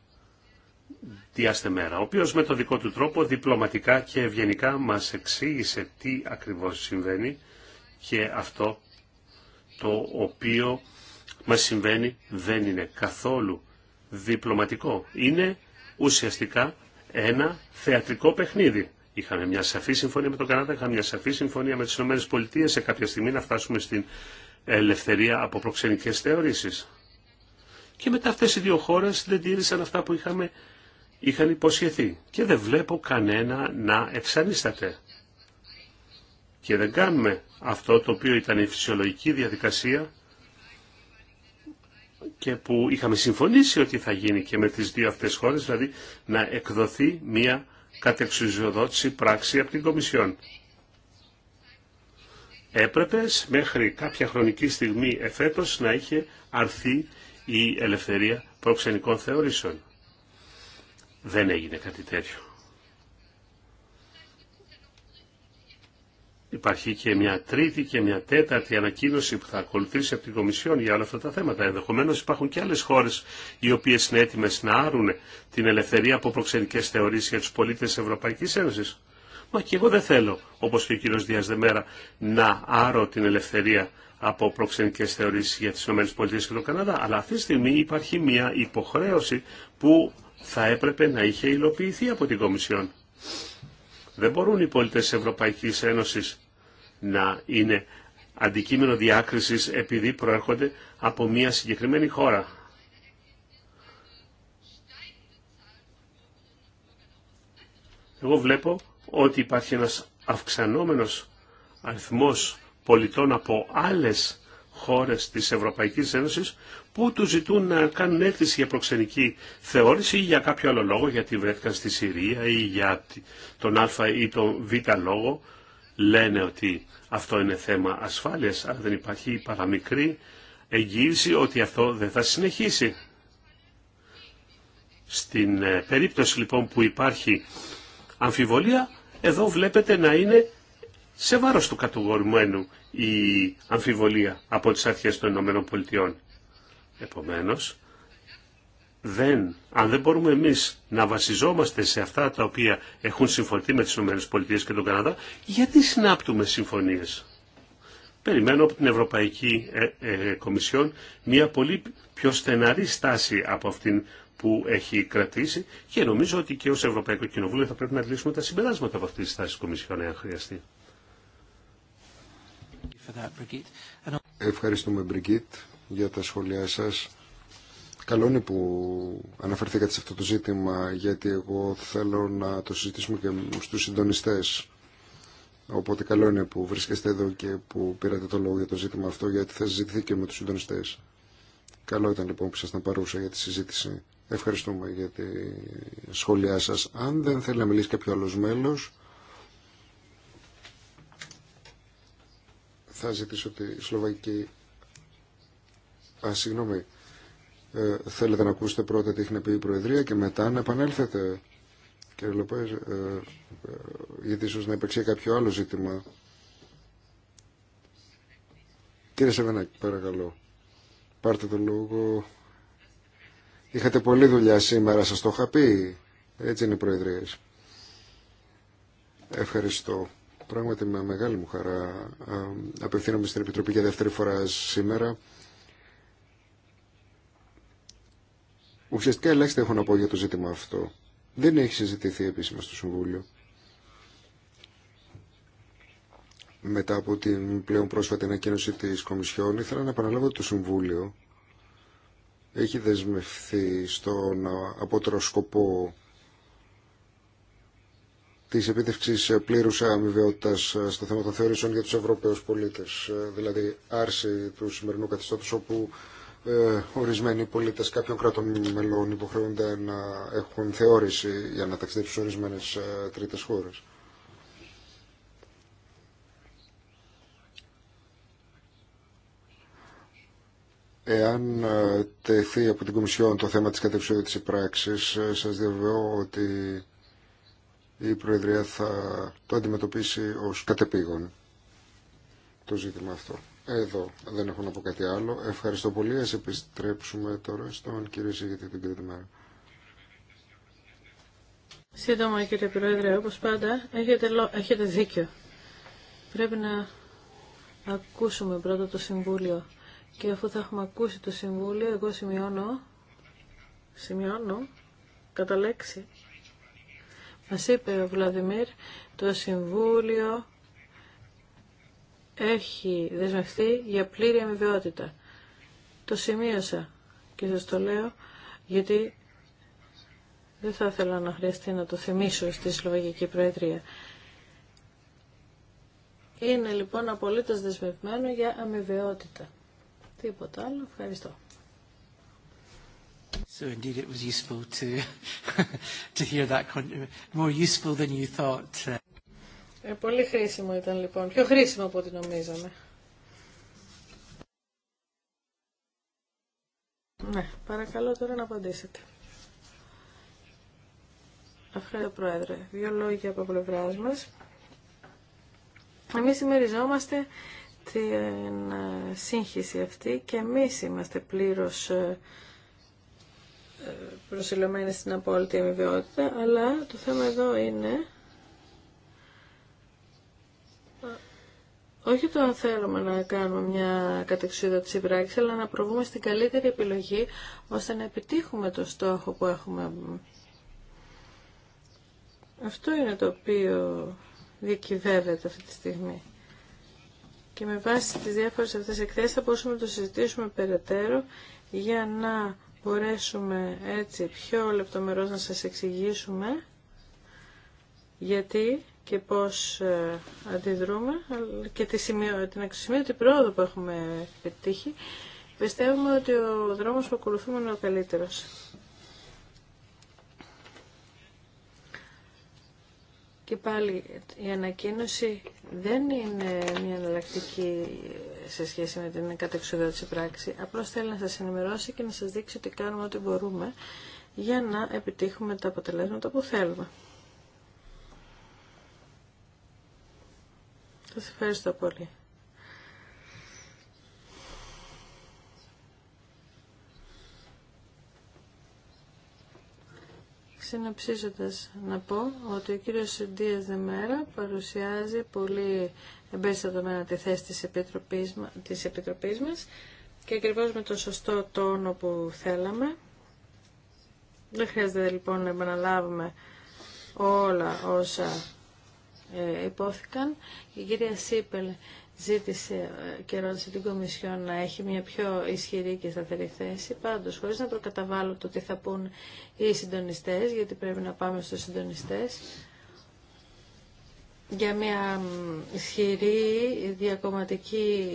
C: Διάστεμέρα, ο οποίος με το δικό του τρόπο διπλωματικά και ευγενικά μας εξήγησε τι ακριβώς συμβαίνει και αυτό το οποίο μας συμβαίνει δεν είναι καθόλου διπλωματικό. Είναι ουσιαστικά ένα θεατρικό παιχνίδι. Είχαμε μια σαφή συμφωνία με τον Καναδά, είχαμε μια σαφή συμφωνία με τις ΗΠΑ σε κάποια στιγμή να φτάσουμε στην ελευθερία από προξενικές θεωρήσεις. Και μετά αυτές οι δύο χώρες δεν τήρησαν αυτά που είχαμε, είχαν υποσχεθεί. Και δεν βλέπω κανένα να εξανίσταται. Και δεν κάνουμε αυτό το οποίο ήταν η φυσιολογική διαδικασία και που είχαμε συμφωνήσει ότι θα γίνει και με τις δύο αυτές χώρες, δηλαδή να εκδοθεί μία κατεξουσιοδότηση πράξη από την Κομισιόν. Έπρεπε μέχρι κάποια χρονική στιγμή εφέτος να είχε αρθεί η ελευθερία προξενικών θεωρήσεων. Δεν έγινε κάτι τέτοιο. Υπάρχει και μια τρίτη και μια τέταρτη ανακοίνωση που θα ακολουθήσει από την Κομισιόν για όλα αυτά τα θέματα. Ενδεχομένω υπάρχουν και άλλε χώρε οι οποίε είναι έτοιμε να άρουν την ελευθερία από προξενικέ θεωρήσει για του πολίτε τη Ευρωπαϊκή Ένωση. Μα και εγώ δεν θέλω, όπω και ο κύριο Δία Δεμέρα, να άρω την ελευθερία από προξενικέ θεωρήσει για τι ΗΠΑ και τον Καναδά. Αλλά αυτή τη στιγμή υπάρχει μια υποχρέωση που θα έπρεπε να είχε υλοποιηθεί από την Κομισιόν. Δεν μπορούν οι πολίτες της Ευρωπαϊκής Ένωσης να είναι αντικείμενο διάκρισης επειδή προέρχονται από μια συγκεκριμένη χώρα. Εγώ βλέπω ότι υπάρχει ένας αυξανόμενος αριθμός πολιτών από άλλες χώρες της Ευρωπαϊκής Ένωσης που του ζητούν να κάνουν αίτηση για προξενική θεώρηση ή για κάποιο άλλο λόγο, γιατί βρέθηκαν στη Συρία ή για τον Α ή τον Β λόγο λένε ότι αυτό είναι θέμα ασφάλειας, αλλά δεν υπάρχει παραμικρή εγγύηση ότι αυτό δεν θα συνεχίσει. Στην ε, περίπτωση λοιπόν που υπάρχει αμφιβολία, εδώ βλέπετε να είναι σε βάρος του κατηγορουμένου η αμφιβολία από τις αρχές των ΗΠΑ. Επομένως, δεν, αν δεν μπορούμε εμείς να βασιζόμαστε σε αυτά τα οποία έχουν συμφωνηθεί με τις ΗΠΑ και τον Καναδά, γιατί συνάπτουμε συμφωνίες. Περιμένω από την Ευρωπαϊκή ε, ε, Κομισιόν μια πολύ πιο στεναρή στάση από αυτήν που έχει κρατήσει και νομίζω ότι και ως Ευρωπαϊκό Κοινοβούλιο θα πρέπει να λύσουμε τα συμπεράσματα από αυτή τη στάση της Κομισιόν, εάν χρειαστεί.
A: Ευχαριστούμε, Μπριγκίτ, για τα σχόλιά σας. Καλό είναι που αναφερθήκατε σε αυτό το ζήτημα, γιατί εγώ θέλω να το συζητήσουμε και στους συντονιστές. Οπότε καλό είναι που βρίσκεστε εδώ και που πήρατε το λόγο για το ζήτημα αυτό, γιατί θα συζητηθεί και με τους συντονιστές. Καλό ήταν λοιπόν που ήσασταν παρούσα για τη συζήτηση. Ευχαριστούμε για τη σχόλιά σας. Αν δεν θέλει να μιλήσει κάποιο άλλο μέλος, θα ζητήσω τη Σλοβακική... Α, συγγνώμη. Ε, θέλετε να ακούσετε πρώτα τι έχει πει η Προεδρία και μετά να επανέλθετε, κύριε Λοπέζ, ε, ε, γιατί ίσως να υπεξεί κάποιο άλλο ζήτημα. Κύριε Σεβενάκη, παρακαλώ, πάρτε το λόγο. Είχατε πολλή δουλειά σήμερα, σας το είχα πει. Έτσι είναι οι Προεδρίες. Ευχαριστώ. Πράγματι με μεγάλη μου χαρά ε, απευθύνομαι στην Επιτροπή για δεύτερη φορά σήμερα. Ουσιαστικά ελάχιστα έχω να πω για το ζήτημα αυτό. Δεν έχει συζητηθεί επίσημα στο Συμβούλιο. Μετά από την πλέον πρόσφατη ανακοίνωση της Κομισιόν, ήθελα να επαναλάβω ότι το Συμβούλιο έχει δεσμευθεί στον απότερο σκοπό τη επίτευξη πλήρου αμοιβαιότητα στο θέμα των θεωρήσεων για του Ευρωπαίου πολίτε. Δηλαδή, άρση του σημερινού καθεστώτο όπου ε, ορισμένοι πολίτε κάποιων κρατών μελών υποχρεούνται να έχουν θεώρηση για να ταξιδέψουν σε ορισμένε ε, τρίτε χώρε. Εάν ε, τεθεί από την Κομισιόν το θέμα της της πράξης, σας διαβεβαιώ ότι η Προεδρία θα το αντιμετωπίσει ως κατεπήγον το ζήτημα αυτό. Εδώ δεν έχω να πω κάτι άλλο. Ευχαριστώ πολύ. Ας επιστρέψουμε τώρα στον κύριο Σιγητή την Κύριε Μέρα.
D: Σύντομα κύριε Πρόεδρε, όπως πάντα έχετε, έχετε δίκιο. Πρέπει να ακούσουμε πρώτα το Συμβούλιο και αφού θα έχουμε ακούσει το Συμβούλιο, εγώ σημειώνω, σημειώνω κατά λέξη. Μας είπε ο Βλαδιμίρ, το Συμβούλιο έχει δεσμευτεί για πλήρη αμοιβαιότητα. Το σημείωσα και σας το λέω γιατί δεν θα ήθελα να χρειαστεί να το θυμίσω στη Σλοβακική Προεδρία. Είναι λοιπόν απολύτως δεσμευμένο για αμοιβαιότητα. Τίποτα άλλο. Ευχαριστώ.
B: So indeed it was useful to, to hear that, more useful than you thought. Uh,
D: ε, πολύ χρήσιμο ήταν λοιπόν. Πιο χρήσιμο από ό,τι νομίζαμε. Ναι, παρακαλώ τώρα να απαντήσετε. Ευχαριστώ Πρόεδρε. Δύο λόγια από πλευρά μα. Εμεί συμμεριζόμαστε την ε, σύγχυση αυτή και εμεί είμαστε πλήρω ε, ε, προσιλωμένοι στην απόλυτη αμοιβαιότητα, αλλά το θέμα εδώ είναι όχι το αν θέλουμε να κάνουμε μια της πράξη, αλλά να προβούμε στην καλύτερη επιλογή ώστε να επιτύχουμε το στόχο που έχουμε. Αυτό είναι το οποίο διακυβεύεται αυτή τη στιγμή. Και με βάση τις διάφορες αυτές εκθέσεις θα μπορούσαμε να το συζητήσουμε περαιτέρω για να μπορέσουμε έτσι πιο λεπτομερώς να σας εξηγήσουμε γιατί και πώς ε, αντιδρούμε και τη σημείο, την αξιοσημείωτη πρόοδο που έχουμε πετύχει, πιστεύουμε ότι ο δρόμος που ακολουθούμε είναι ο καλύτερος. Και πάλι η ανακοίνωση δεν είναι μια εναλλακτική σε σχέση με την κατεξοδότηση πράξη. Απλώς θέλει να σας ενημερώσει και να σας δείξει ότι κάνουμε ό,τι μπορούμε για να επιτύχουμε τα αποτελέσματα που θέλουμε. Σας ευχαριστώ πολύ. Συνοψίζοντας να πω ότι ο κύριος Ντίας Δεμέρα παρουσιάζει πολύ εμπεριστατωμένα τη θέση της Επιτροπής, της Επιτροπής μας και ακριβώ με το σωστό τόνο που θέλαμε. Δεν χρειάζεται λοιπόν να επαναλάβουμε όλα όσα ε, υπόθηκαν. Η κυρία Σίπελ ζήτησε ε, και ρώτησε την Κομισιόν να έχει μια πιο ισχυρή και σταθερή θέση. Πάντως, χωρίς να προκαταβάλω το τι θα πούν οι συντονιστές, γιατί πρέπει να πάμε στους συντονιστές, για μια ισχυρή διακομματική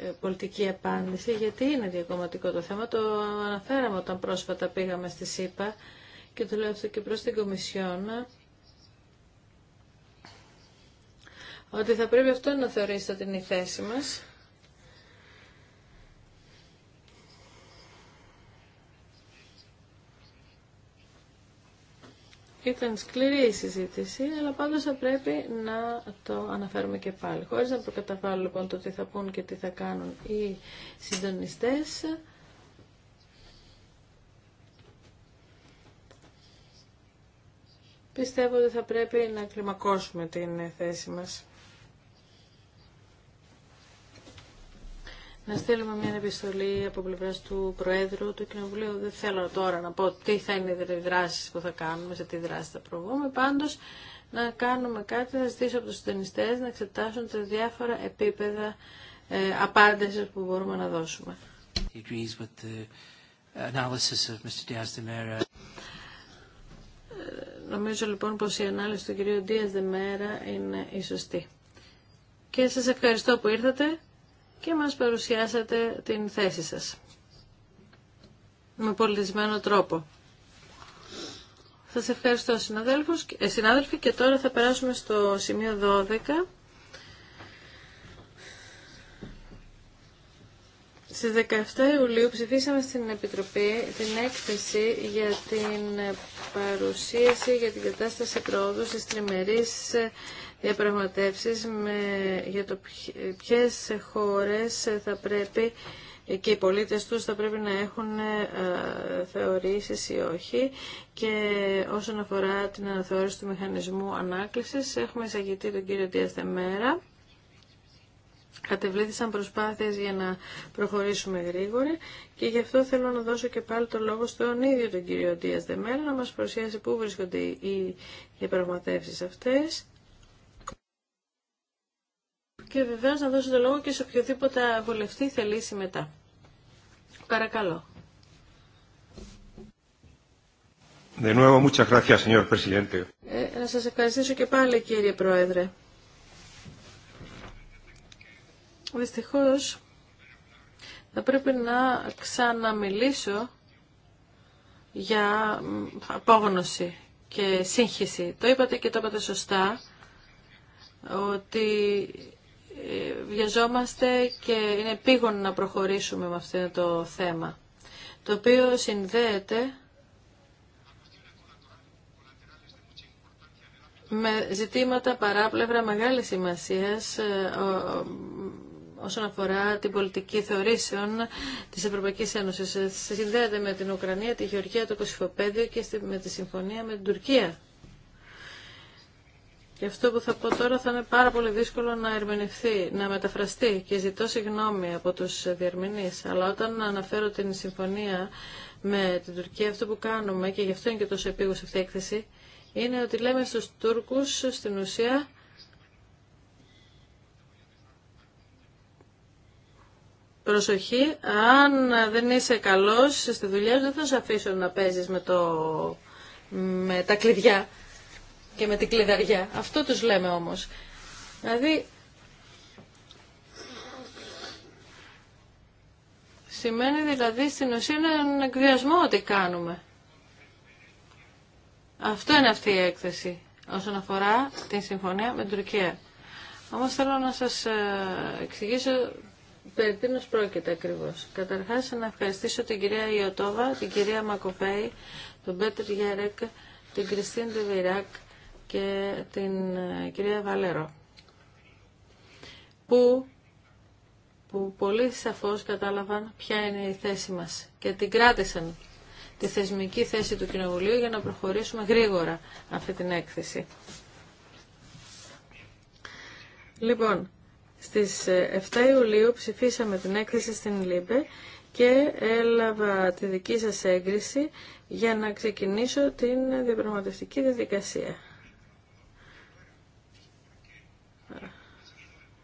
D: ε, πολιτική απάντηση, γιατί είναι διακομματικό το θέμα. Το αναφέραμε όταν πρόσφατα πήγαμε στη ΣΥΠΑ και το λέω αυτό και προς την Κομισιόν ότι θα πρέπει αυτό να θεωρήσει ότι είναι η θέση μας. Ήταν σκληρή η συζήτηση, αλλά πάντως θα πρέπει να το αναφέρουμε και πάλι. Χωρίς να προκαταβάλω λοιπόν το τι θα πούν και τι θα κάνουν οι συντονιστές, πιστεύω ότι θα πρέπει να κλιμακώσουμε την θέση μας. να στείλουμε μια επιστολή από πλευρά του Προέδρου του Κοινοβουλίου. Δεν θέλω τώρα να πω τι θα είναι οι δράσει που θα κάνουμε, σε τι δράση θα προβούμε. Πάντω να κάνουμε κάτι, να ζητήσω από του συντονιστέ να εξετάσουν τα διάφορα επίπεδα ε, απάντηση που μπορούμε να δώσουμε. Ε, νομίζω λοιπόν πως η ανάλυση του κυρίου Δίας Δεμέρα είναι η σωστή. Και σας ευχαριστώ που ήρθατε και μας παρουσιάσατε την θέση σας με πολιτισμένο τρόπο. Σας ευχαριστώ ε, συνάδελφοι και τώρα θα περάσουμε στο σημείο 12. Στις 17 Ιουλίου ψηφίσαμε στην Επιτροπή την έκθεση για την παρουσίαση για την κατάσταση πρόοδου στις τριμερείς διαπραγματεύσεις με, για το ποιες χώρες θα πρέπει και οι πολίτες τους θα πρέπει να έχουν ε, θεωρήσεις ή όχι και όσον αφορά την αναθεώρηση του μηχανισμού ανάκλησης έχουμε εισαγητή τον κύριο Δεμέρα κατεβλήθησαν προσπάθειες για να προχωρήσουμε γρήγορα και γι' αυτό θέλω να δώσω και πάλι το λόγο στον ίδιο τον κύριο Δίας Δεμέρα να μας παρουσιάσει πού βρίσκονται οι διαπραγματεύσεις αυτές και βεβαίω να δώσω το λόγο και σε οποιοδήποτε βουλευτή θελήσει μετά. Παρακαλώ.
A: De
D: ε, να σας ευχαριστήσω και πάλι, κύριε Πρόεδρε. Δυστυχώς, θα πρέπει να ξαναμιλήσω για απόγνωση και σύγχυση. Το είπατε και το είπατε σωστά, ότι βιαζόμαστε και είναι επίγον να προχωρήσουμε με αυτό το θέμα, το οποίο συνδέεται με ζητήματα παράπλευρα μεγάλης σημασίας ε, όσον αφορά την πολιτική θεωρήσεων της Ευρωπαϊκής Ένωσης. Συνδέεται με την Ουκρανία, τη Γεωργία, το Κωσυφοπαίδιο και με τη συμφωνία με την Τουρκία. Και αυτό που θα πω τώρα θα είναι πάρα πολύ δύσκολο να ερμηνευθεί, να μεταφραστεί και ζητώ συγγνώμη από τους διερμηνείς. Αλλά όταν αναφέρω την συμφωνία με την Τουρκία, αυτό που κάνουμε και γι' αυτό είναι και τόσο επίγουσα αυτή η έκθεση, είναι ότι λέμε στους Τούρκους στην ουσία προσοχή, αν δεν είσαι καλός στη δουλειά σου δεν θα σε αφήσω να παίζεις με, το, με τα κλειδιά και με την κλειδαριά. Αυτό τους λέμε όμως. Δηλαδή, σημαίνει δηλαδή στην ουσία έναν εκβιασμό ότι κάνουμε. Αυτό είναι αυτή η έκθεση όσον αφορά την συμφωνία με την Τουρκία. Όμως θέλω να σας ε, εξηγήσω περί τίνος πρόκειται ακριβώς. Καταρχάς να ευχαριστήσω την κυρία Ιωτόβα, την κυρία Μακοφέη, τον Πέτρ Γερέκ, την Κριστίν Τεβιράκ, και την ε, κυρία Βαλέρο που, που πολύ σαφώς κατάλαβαν ποια είναι η θέση μας και την κράτησαν τη θεσμική θέση του Κοινοβουλίου για να προχωρήσουμε γρήγορα αυτή την έκθεση. Λοιπόν, στις 7 ε, Ιουλίου ψηφίσαμε την έκθεση στην ΛΥΠΕ και έλαβα τη δική σας έγκριση για να ξεκινήσω την διαπραγματευτική διαδικασία.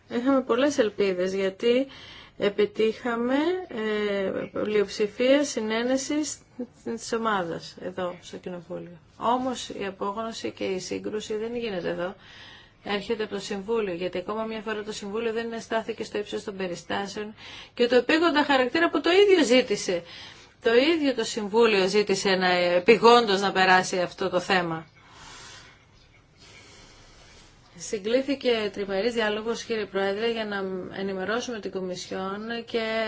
D: Είχαμε πολλές ελπίδες γιατί επιτύχαμε ε, πλειοψηφία συνένεση της ομάδας εδώ στο Κοινοβούλιο. Όμως η απόγνωση και η σύγκρουση δεν γίνεται εδώ. Έρχεται από το Συμβούλιο, γιατί ακόμα μια φορά το Συμβούλιο δεν στάθηκε στο ύψος των περιστάσεων και το επίγοντα χαρακτήρα που το ίδιο ζήτησε. Το ίδιο το Συμβούλιο ζήτησε να, επιγόντως να περάσει αυτό το θέμα. Συγκλήθηκε τριμερής διάλογος, κύριε Πρόεδρε, για να ενημερώσουμε την Κομισιόν και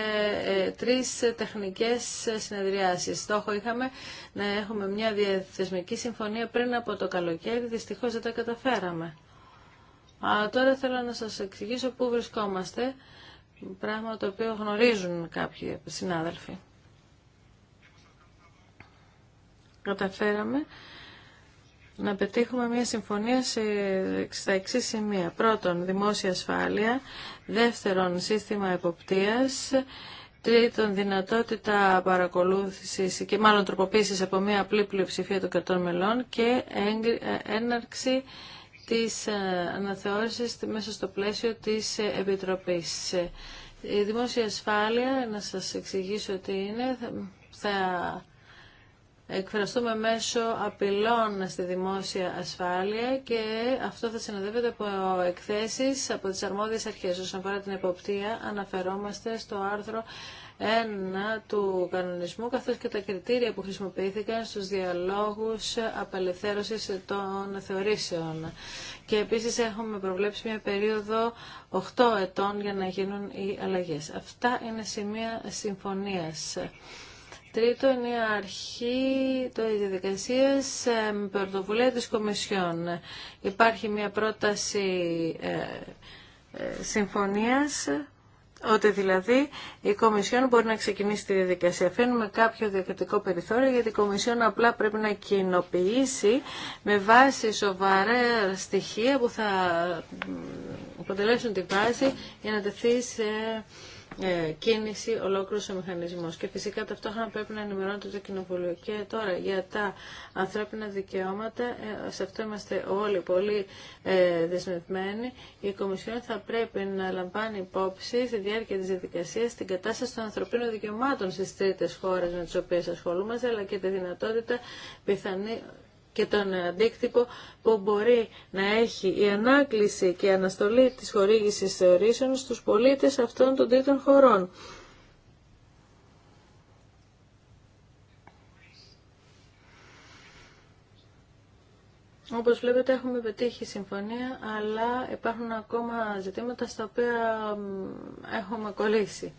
D: ε, τρεις τεχνικές συνεδριάσεις. Στόχο είχαμε να έχουμε μια διαθεσμική συμφωνία πριν από το καλοκαίρι. Δυστυχώ δεν τα καταφέραμε. Α, τώρα θέλω να σας εξηγήσω πού βρισκόμαστε, πράγμα το οποίο γνωρίζουν κάποιοι συνάδελφοι. Καταφέραμε να πετύχουμε μια συμφωνία σε, στα εξή σημεία. Πρώτον, δημόσια ασφάλεια. Δεύτερον, σύστημα εποπτείας. Τρίτον, δυνατότητα παρακολούθησης και μάλλον τροποποίησης από μια απλή πλειοψηφία των κρατών μελών και ε, έναρξη της ε, αναθεώρησης μέσα στο πλαίσιο της ε, Επιτροπής. Η δημόσια ασφάλεια, να σας εξηγήσω τι είναι, θα εκφραστούμε μέσω απειλών στη δημόσια ασφάλεια και αυτό θα συνοδεύεται από εκθέσεις από τις αρμόδιες αρχές. Όσον αφορά την εποπτεία αναφερόμαστε στο άρθρο 1 του κανονισμού καθώς και τα κριτήρια που χρησιμοποιήθηκαν στους διαλόγους απελευθέρωσης των θεωρήσεων. Και επίσης έχουμε προβλέψει μια περίοδο 8 ετών για να γίνουν οι αλλαγές. Αυτά είναι σημεία συμφωνίας είναι η αρχή των διαδικασία με πρωτοβουλία της Κομισιόν. Υπάρχει μια πρόταση ε, ε, συμφωνίας ότι δηλαδή η Κομισιόν μπορεί να ξεκινήσει τη διαδικασία. Φαίνουμε κάποιο διακριτικό περιθώριο γιατί η Κομισιόν απλά πρέπει να κοινοποιήσει με βάση σοβαρά στοιχεία που θα αποτελέσουν τη βάση για να τεθεί σε ε, κίνηση ολόκληρο ο μηχανισμό. Και φυσικά ταυτόχρονα πρέπει να ενημερώνεται το κοινοβούλιο. Και τώρα για τα ανθρώπινα δικαιώματα, ε, σε αυτό είμαστε όλοι πολύ ε, δεσμευμένοι. Η Κομισιόν θα πρέπει να λαμβάνει υπόψη στη διάρκεια τη διαδικασία την κατάσταση των ανθρωπίνων δικαιωμάτων στι τρίτε χώρε με τι οποίε ασχολούμαστε, αλλά και τη δυνατότητα πιθανή και τον αντίκτυπο που μπορεί να έχει η ανάκληση και η αναστολή της χορήγησης θεωρήσεων στους πολίτες αυτών των τρίτων χωρών. Όπως βλέπετε έχουμε πετύχει συμφωνία, αλλά υπάρχουν ακόμα ζητήματα στα οποία έχουμε κολλήσει.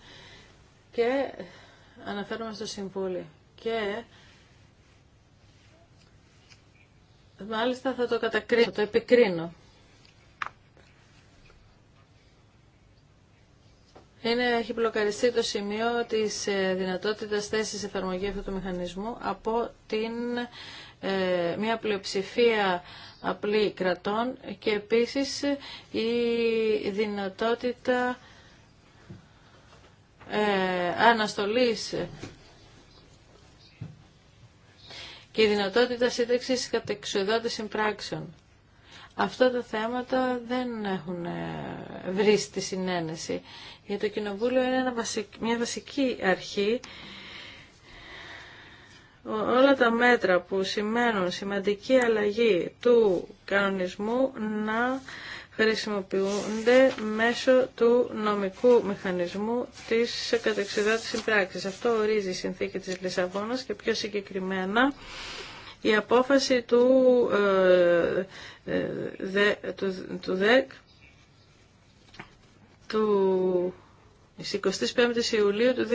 D: Και αναφέρομαι στο Συμβούλιο. Και Μάλιστα θα το κατακρίνω, θα το επικρίνω. Είναι, έχει μπλοκαριστεί το σημείο της ε, δυνατότητας θέσης εφαρμογή αυτού του μηχανισμού από την ε, μια πλειοψηφία απλή κρατών και επίσης η δυνατότητα ε, αναστολής και η δυνατότητα σύνταξη εξοδότηση πράξεων. Αυτά τα θέματα δεν έχουν ε, βρει στη συνένεση. Για το Κοινοβούλιο είναι μια βασική αρχή όλα τα μέτρα που σημαίνουν σημαντική αλλαγή του κανονισμού να χρησιμοποιούνται μέσω του νομικού μηχανισμού της κατεξιδότησης πράξης. Αυτό ορίζει η συνθήκη της Λισαβόνας και πιο συγκεκριμένα η απόφαση του, ε, ε του, του ΔΕΚ του στις 25 Ιουλίου του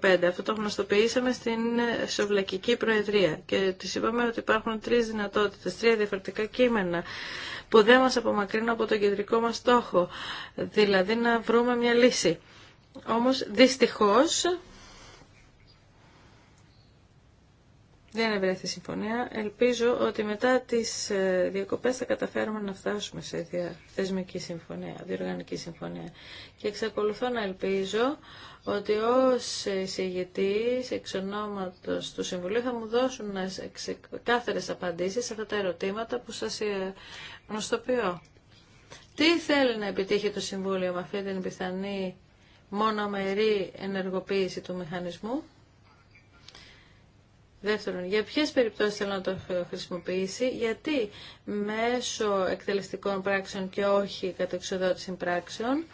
D: 2015. Αυτό το γνωστοποιήσαμε στην ε, Σοβλακική Προεδρία και τη είπαμε ότι υπάρχουν τρεις δυνατότητες, τρία διαφορετικά κείμενα που δεν μας απομακρύνουν από τον κεντρικό μας στόχο, δηλαδή να βρούμε μια λύση. Όμως δυστυχώς Δεν ευρέθη συμφωνία. Ελπίζω ότι μετά τις ε, διακοπές θα καταφέρουμε να φτάσουμε σε θεσμική συμφωνία, διοργανική συμφωνία. Και εξακολουθώ να ελπίζω ότι ως εισηγητής εξ ονόματος του Συμβουλίου θα μου δώσουν κάθερες απαντήσεις σε αυτά τα ερωτήματα που σας ε, γνωστοποιώ. Τι θέλει να επιτύχει το Συμβούλιο με αυτή την πιθανή μονομερή ενεργοποίηση του μηχανισμού. Δεύτερον, για ποιε περιπτώσει θέλω να το χρησιμοποιήσει, γιατί μέσω εκτελεστικών πράξεων και όχι εξοδότηση πράξεων,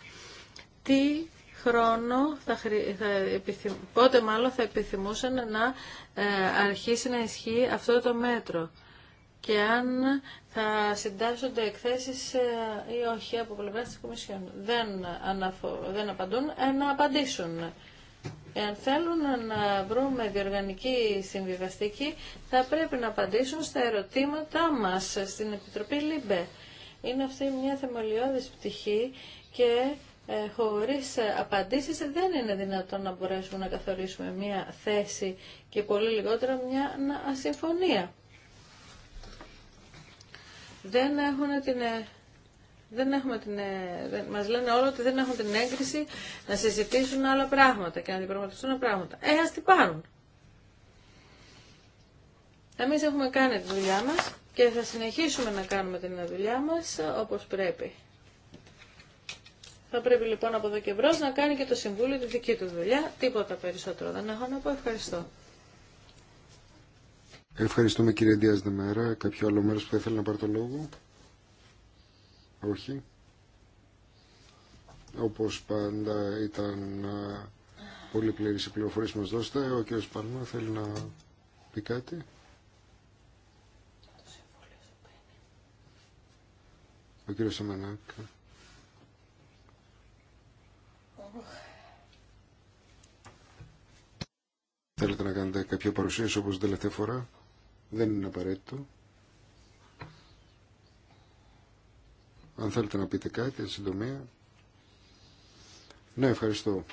D: τι χρόνο, θα, θα πότε μάλλον θα επιθυμούσαν να ε, αρχίσει να ισχύει αυτό το μέτρο και αν θα συντάσσονται εκθέσεις ε, ή όχι από πλευρά της Κομισιόν. Δεν, αναφο... δεν απαντούν, ε, να απαντήσουν. Εάν θέλουν να βρούμε διοργανική συμβιβαστική, θα πρέπει να απαντήσουν στα ερωτήματά μας στην Επιτροπή ΛΥΜΠΕ. Είναι αυτή μια θεμελιώδης πτυχή και ε, χωρίς απαντήσεις δεν είναι δυνατόν να μπορέσουμε να καθορίσουμε μια θέση και πολύ λιγότερο μια ασυμφωνία. Δεν έχουν την ε, δεν την, ε, μας λένε όλο ότι δεν έχουν την έγκριση να συζητήσουν άλλα πράγματα και να διαπραγματευτούν άλλα πράγματα. Ε, ας τι πάρουν. Εμείς έχουμε κάνει τη δουλειά μας και θα συνεχίσουμε να κάνουμε την δουλειά μας όπως πρέπει. Θα πρέπει λοιπόν από εδώ και μπρος να κάνει και το Συμβούλιο τη δική του δουλειά. Τίποτα περισσότερο δεν έχω να πω. Ευχαριστώ.
A: Ευχαριστούμε κύριε Δίας Δεμέρα. Κάποιο άλλο μέρος που θα ήθελε να πάρει το λόγο. Όχι. Όπως πάντα ήταν ε, πολύ πλήρης οι πληροφορίες που μας δώσετε. Ο κ. Παρμά θέλει να πει κάτι. Ο κ. Σαμενάκ. Θέλετε να κάνετε κάποια παρουσίαση όπως την τελευταία φορά. Δεν είναι απαραίτητο. Αν θέλετε να πείτε κάτι, συντομία. Ναι, ευχαριστώ.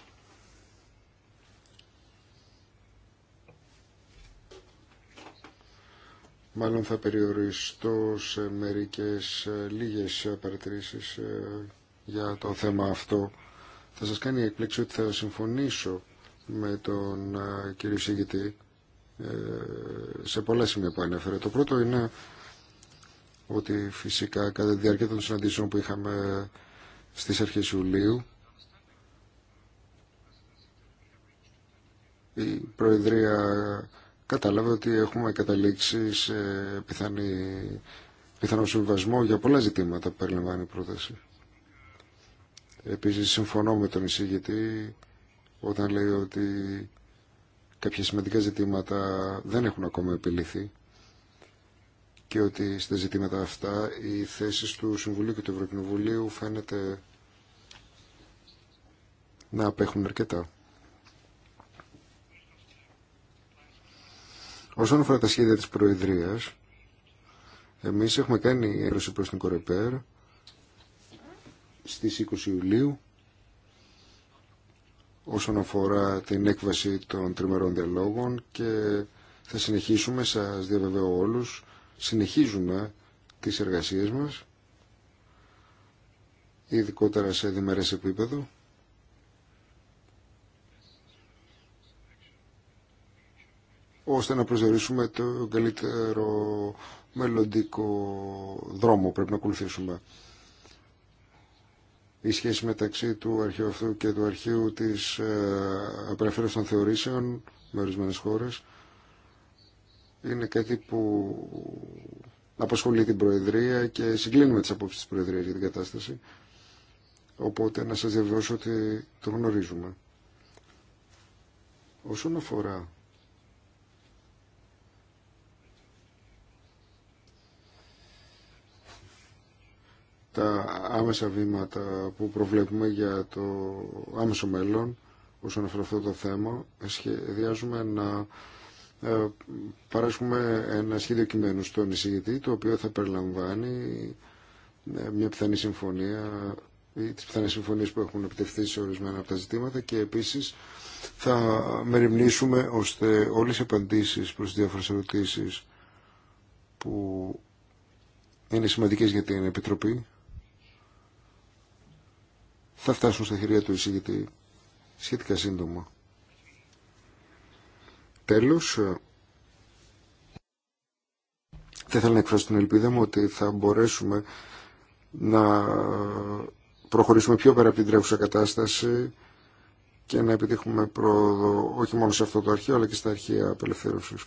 A: Μάλλον θα περιοριστώ σε μερικές ε, λίγες ε, παρατηρήσεις ε, για το θέμα αυτό. Θα σας κάνει εκπλήξη ότι θα συμφωνήσω με τον κύριο Σιγητή σε πολλά σημεία που ανέφερε. Το πρώτο είναι ότι φυσικά κατά τη διάρκεια των συναντήσεων που είχαμε στις αρχές Ιουλίου η Προεδρία κατάλαβε ότι έχουμε καταλήξει σε πιθανή, πιθανό συμβασμό για πολλά ζητήματα που περιλαμβάνει η πρόταση. Επίσης συμφωνώ με τον εισηγητή όταν λέει ότι κάποια σημαντικά ζητήματα δεν έχουν ακόμα επιληθεί και ότι στα ζητήματα αυτά οι θέσει του Συμβουλίου και του Ευρωκοινοβουλίου φαίνεται να απέχουν αρκετά. Όσον αφορά τα σχέδια της Προεδρίας, εμείς έχουμε κάνει έρωση προς την Κορεπέρ στις 20 Ιουλίου όσον αφορά την έκβαση των τριμερών διαλόγων και θα συνεχίσουμε, σας διαβεβαιώ όλους, συνεχίζουμε τις εργασίες μας, ειδικότερα σε διμερές επίπεδο. ώστε να προσδιορίσουμε το καλύτερο μελλοντικό δρόμο πρέπει να ακολουθήσουμε. Η σχέση μεταξύ του αρχείου αυτού και του αρχείου της ε, απελευθέρωσης των θεωρήσεων με ορισμένε χώρες είναι κάτι που απασχολεί την Προεδρία και συγκλίνουμε τις απόψεις της Προεδρίας για την κατάσταση. Οπότε να σας διαβεβαιώσω ότι το γνωρίζουμε. Όσον αφορά τα άμεσα βήματα που προβλέπουμε για το άμεσο μέλλον όσον αφορά αυτό το θέμα σχεδιάζουμε να ε, παράσχουμε ένα σχέδιο κειμένου στον εισηγητή, το οποίο θα περιλαμβάνει ε, μια πιθανή συμφωνία ή τις πιθανές συμφωνίες που έχουν επιτευχθεί σε ορισμένα από τα ζητήματα και επίσης θα μεριμνήσουμε ώστε όλες οι απαντήσεις προς διάφορες ερωτήσεις που είναι σημαντικές για την Επιτροπή θα φτάσουν στα χέρια του εισηγητή σχετικά σύντομα. Τέλος, ε, θα ήθελα να εκφράσω την ελπίδα μου ότι θα μπορέσουμε να προχωρήσουμε πιο πέρα από την τρέχουσα κατάσταση και να επιτύχουμε πρόοδο όχι μόνο σε αυτό το αρχείο αλλά και στα αρχεία απελευθέρωσης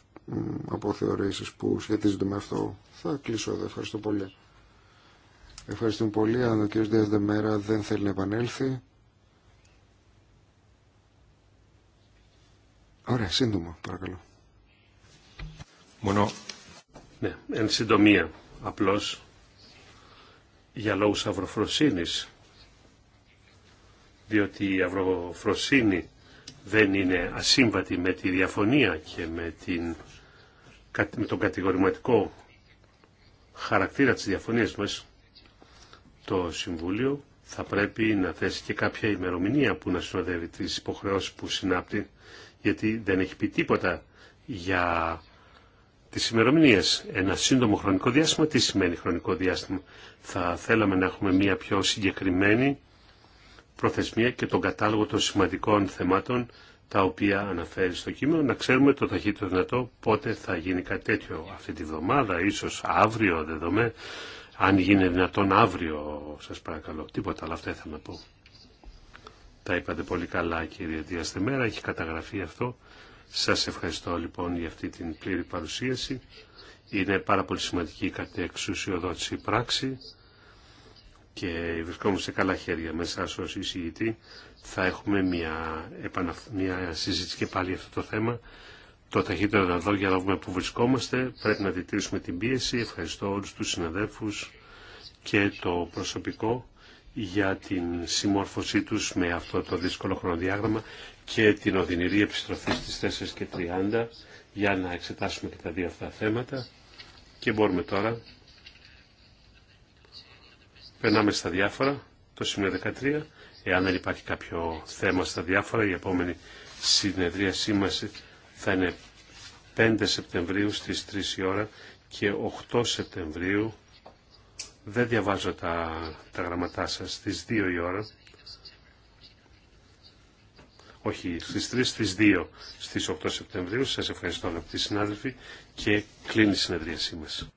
A: από θεωρήσεις που σχετίζονται με αυτό. Θα κλείσω εδώ. Ευχαριστώ πολύ. Ευχαριστούμε πολύ. Αν ο κ. Δεμέρα δεν θέλει να επανέλθει. Ωραία, σύντομα, παρακαλώ.
C: Μόνο. Ναι, εν συντομία, απλώς για λόγους αυροφροσύνης, διότι η αυροφροσύνη δεν είναι ασύμβατη με τη διαφωνία και με, την, με τον κατηγορηματικό χαρακτήρα της διαφωνίας μας, το Συμβούλιο θα πρέπει να θέσει και κάποια ημερομηνία που να συνοδεύει τις υποχρεώσεις που συνάπτει γιατί δεν έχει πει τίποτα για τις ημερομηνίε. Ένα σύντομο χρονικό διάστημα, τι σημαίνει χρονικό διάστημα. Θα θέλαμε να έχουμε μια πιο συγκεκριμένη προθεσμία και τον κατάλογο των σημαντικών θεμάτων τα οποία αναφέρει στο κείμενο, να ξέρουμε το ταχύτερο δυνατό πότε θα γίνει κάτι τέτοιο αυτή τη βδομάδα, ίσως αύριο δεδομέ, αν γίνει δυνατόν αύριο, σας παρακαλώ, τίποτα, αλλά αυτά ήθελα να πω. Τα είπατε πολύ καλά κύριε Διαστημέρα, έχει καταγραφεί αυτό. Σας ευχαριστώ λοιπόν για αυτή την πλήρη παρουσίαση. Είναι πάρα πολύ σημαντική η κατεξουσιοδότηση πράξη και βρισκόμαστε σε καλά χέρια μέσα ως εισηγητή. Θα έχουμε μια, επανα μια συζήτηση και πάλι αυτό το θέμα. Το ταχύτερο να δω για να δούμε πού βρισκόμαστε. Πρέπει να διτηρήσουμε την πίεση. Ευχαριστώ όλους τους συναδέλφους και το προσωπικό για την συμμόρφωσή τους με αυτό το δύσκολο χρονοδιάγραμμα και την οδυνηρή επιστροφή στις 30 για να εξετάσουμε και τα δύο αυτά θέματα και μπορούμε τώρα περνάμε στα διάφορα το σημείο 13 εάν δεν υπάρχει κάποιο θέμα στα διάφορα η επόμενη συνεδρία σήμαση θα είναι 5 Σεπτεμβρίου στις 3 η ώρα και 8 Σεπτεμβρίου δεν διαβάζω τα, τα γραμματά σας στις 2 η ώρα. Όχι, στις 3, στις 2, στις 8 Σεπτεμβρίου. Σας ευχαριστώ αγαπητοί συνάδελφοι και κλείνει η συνεδρίασή μας.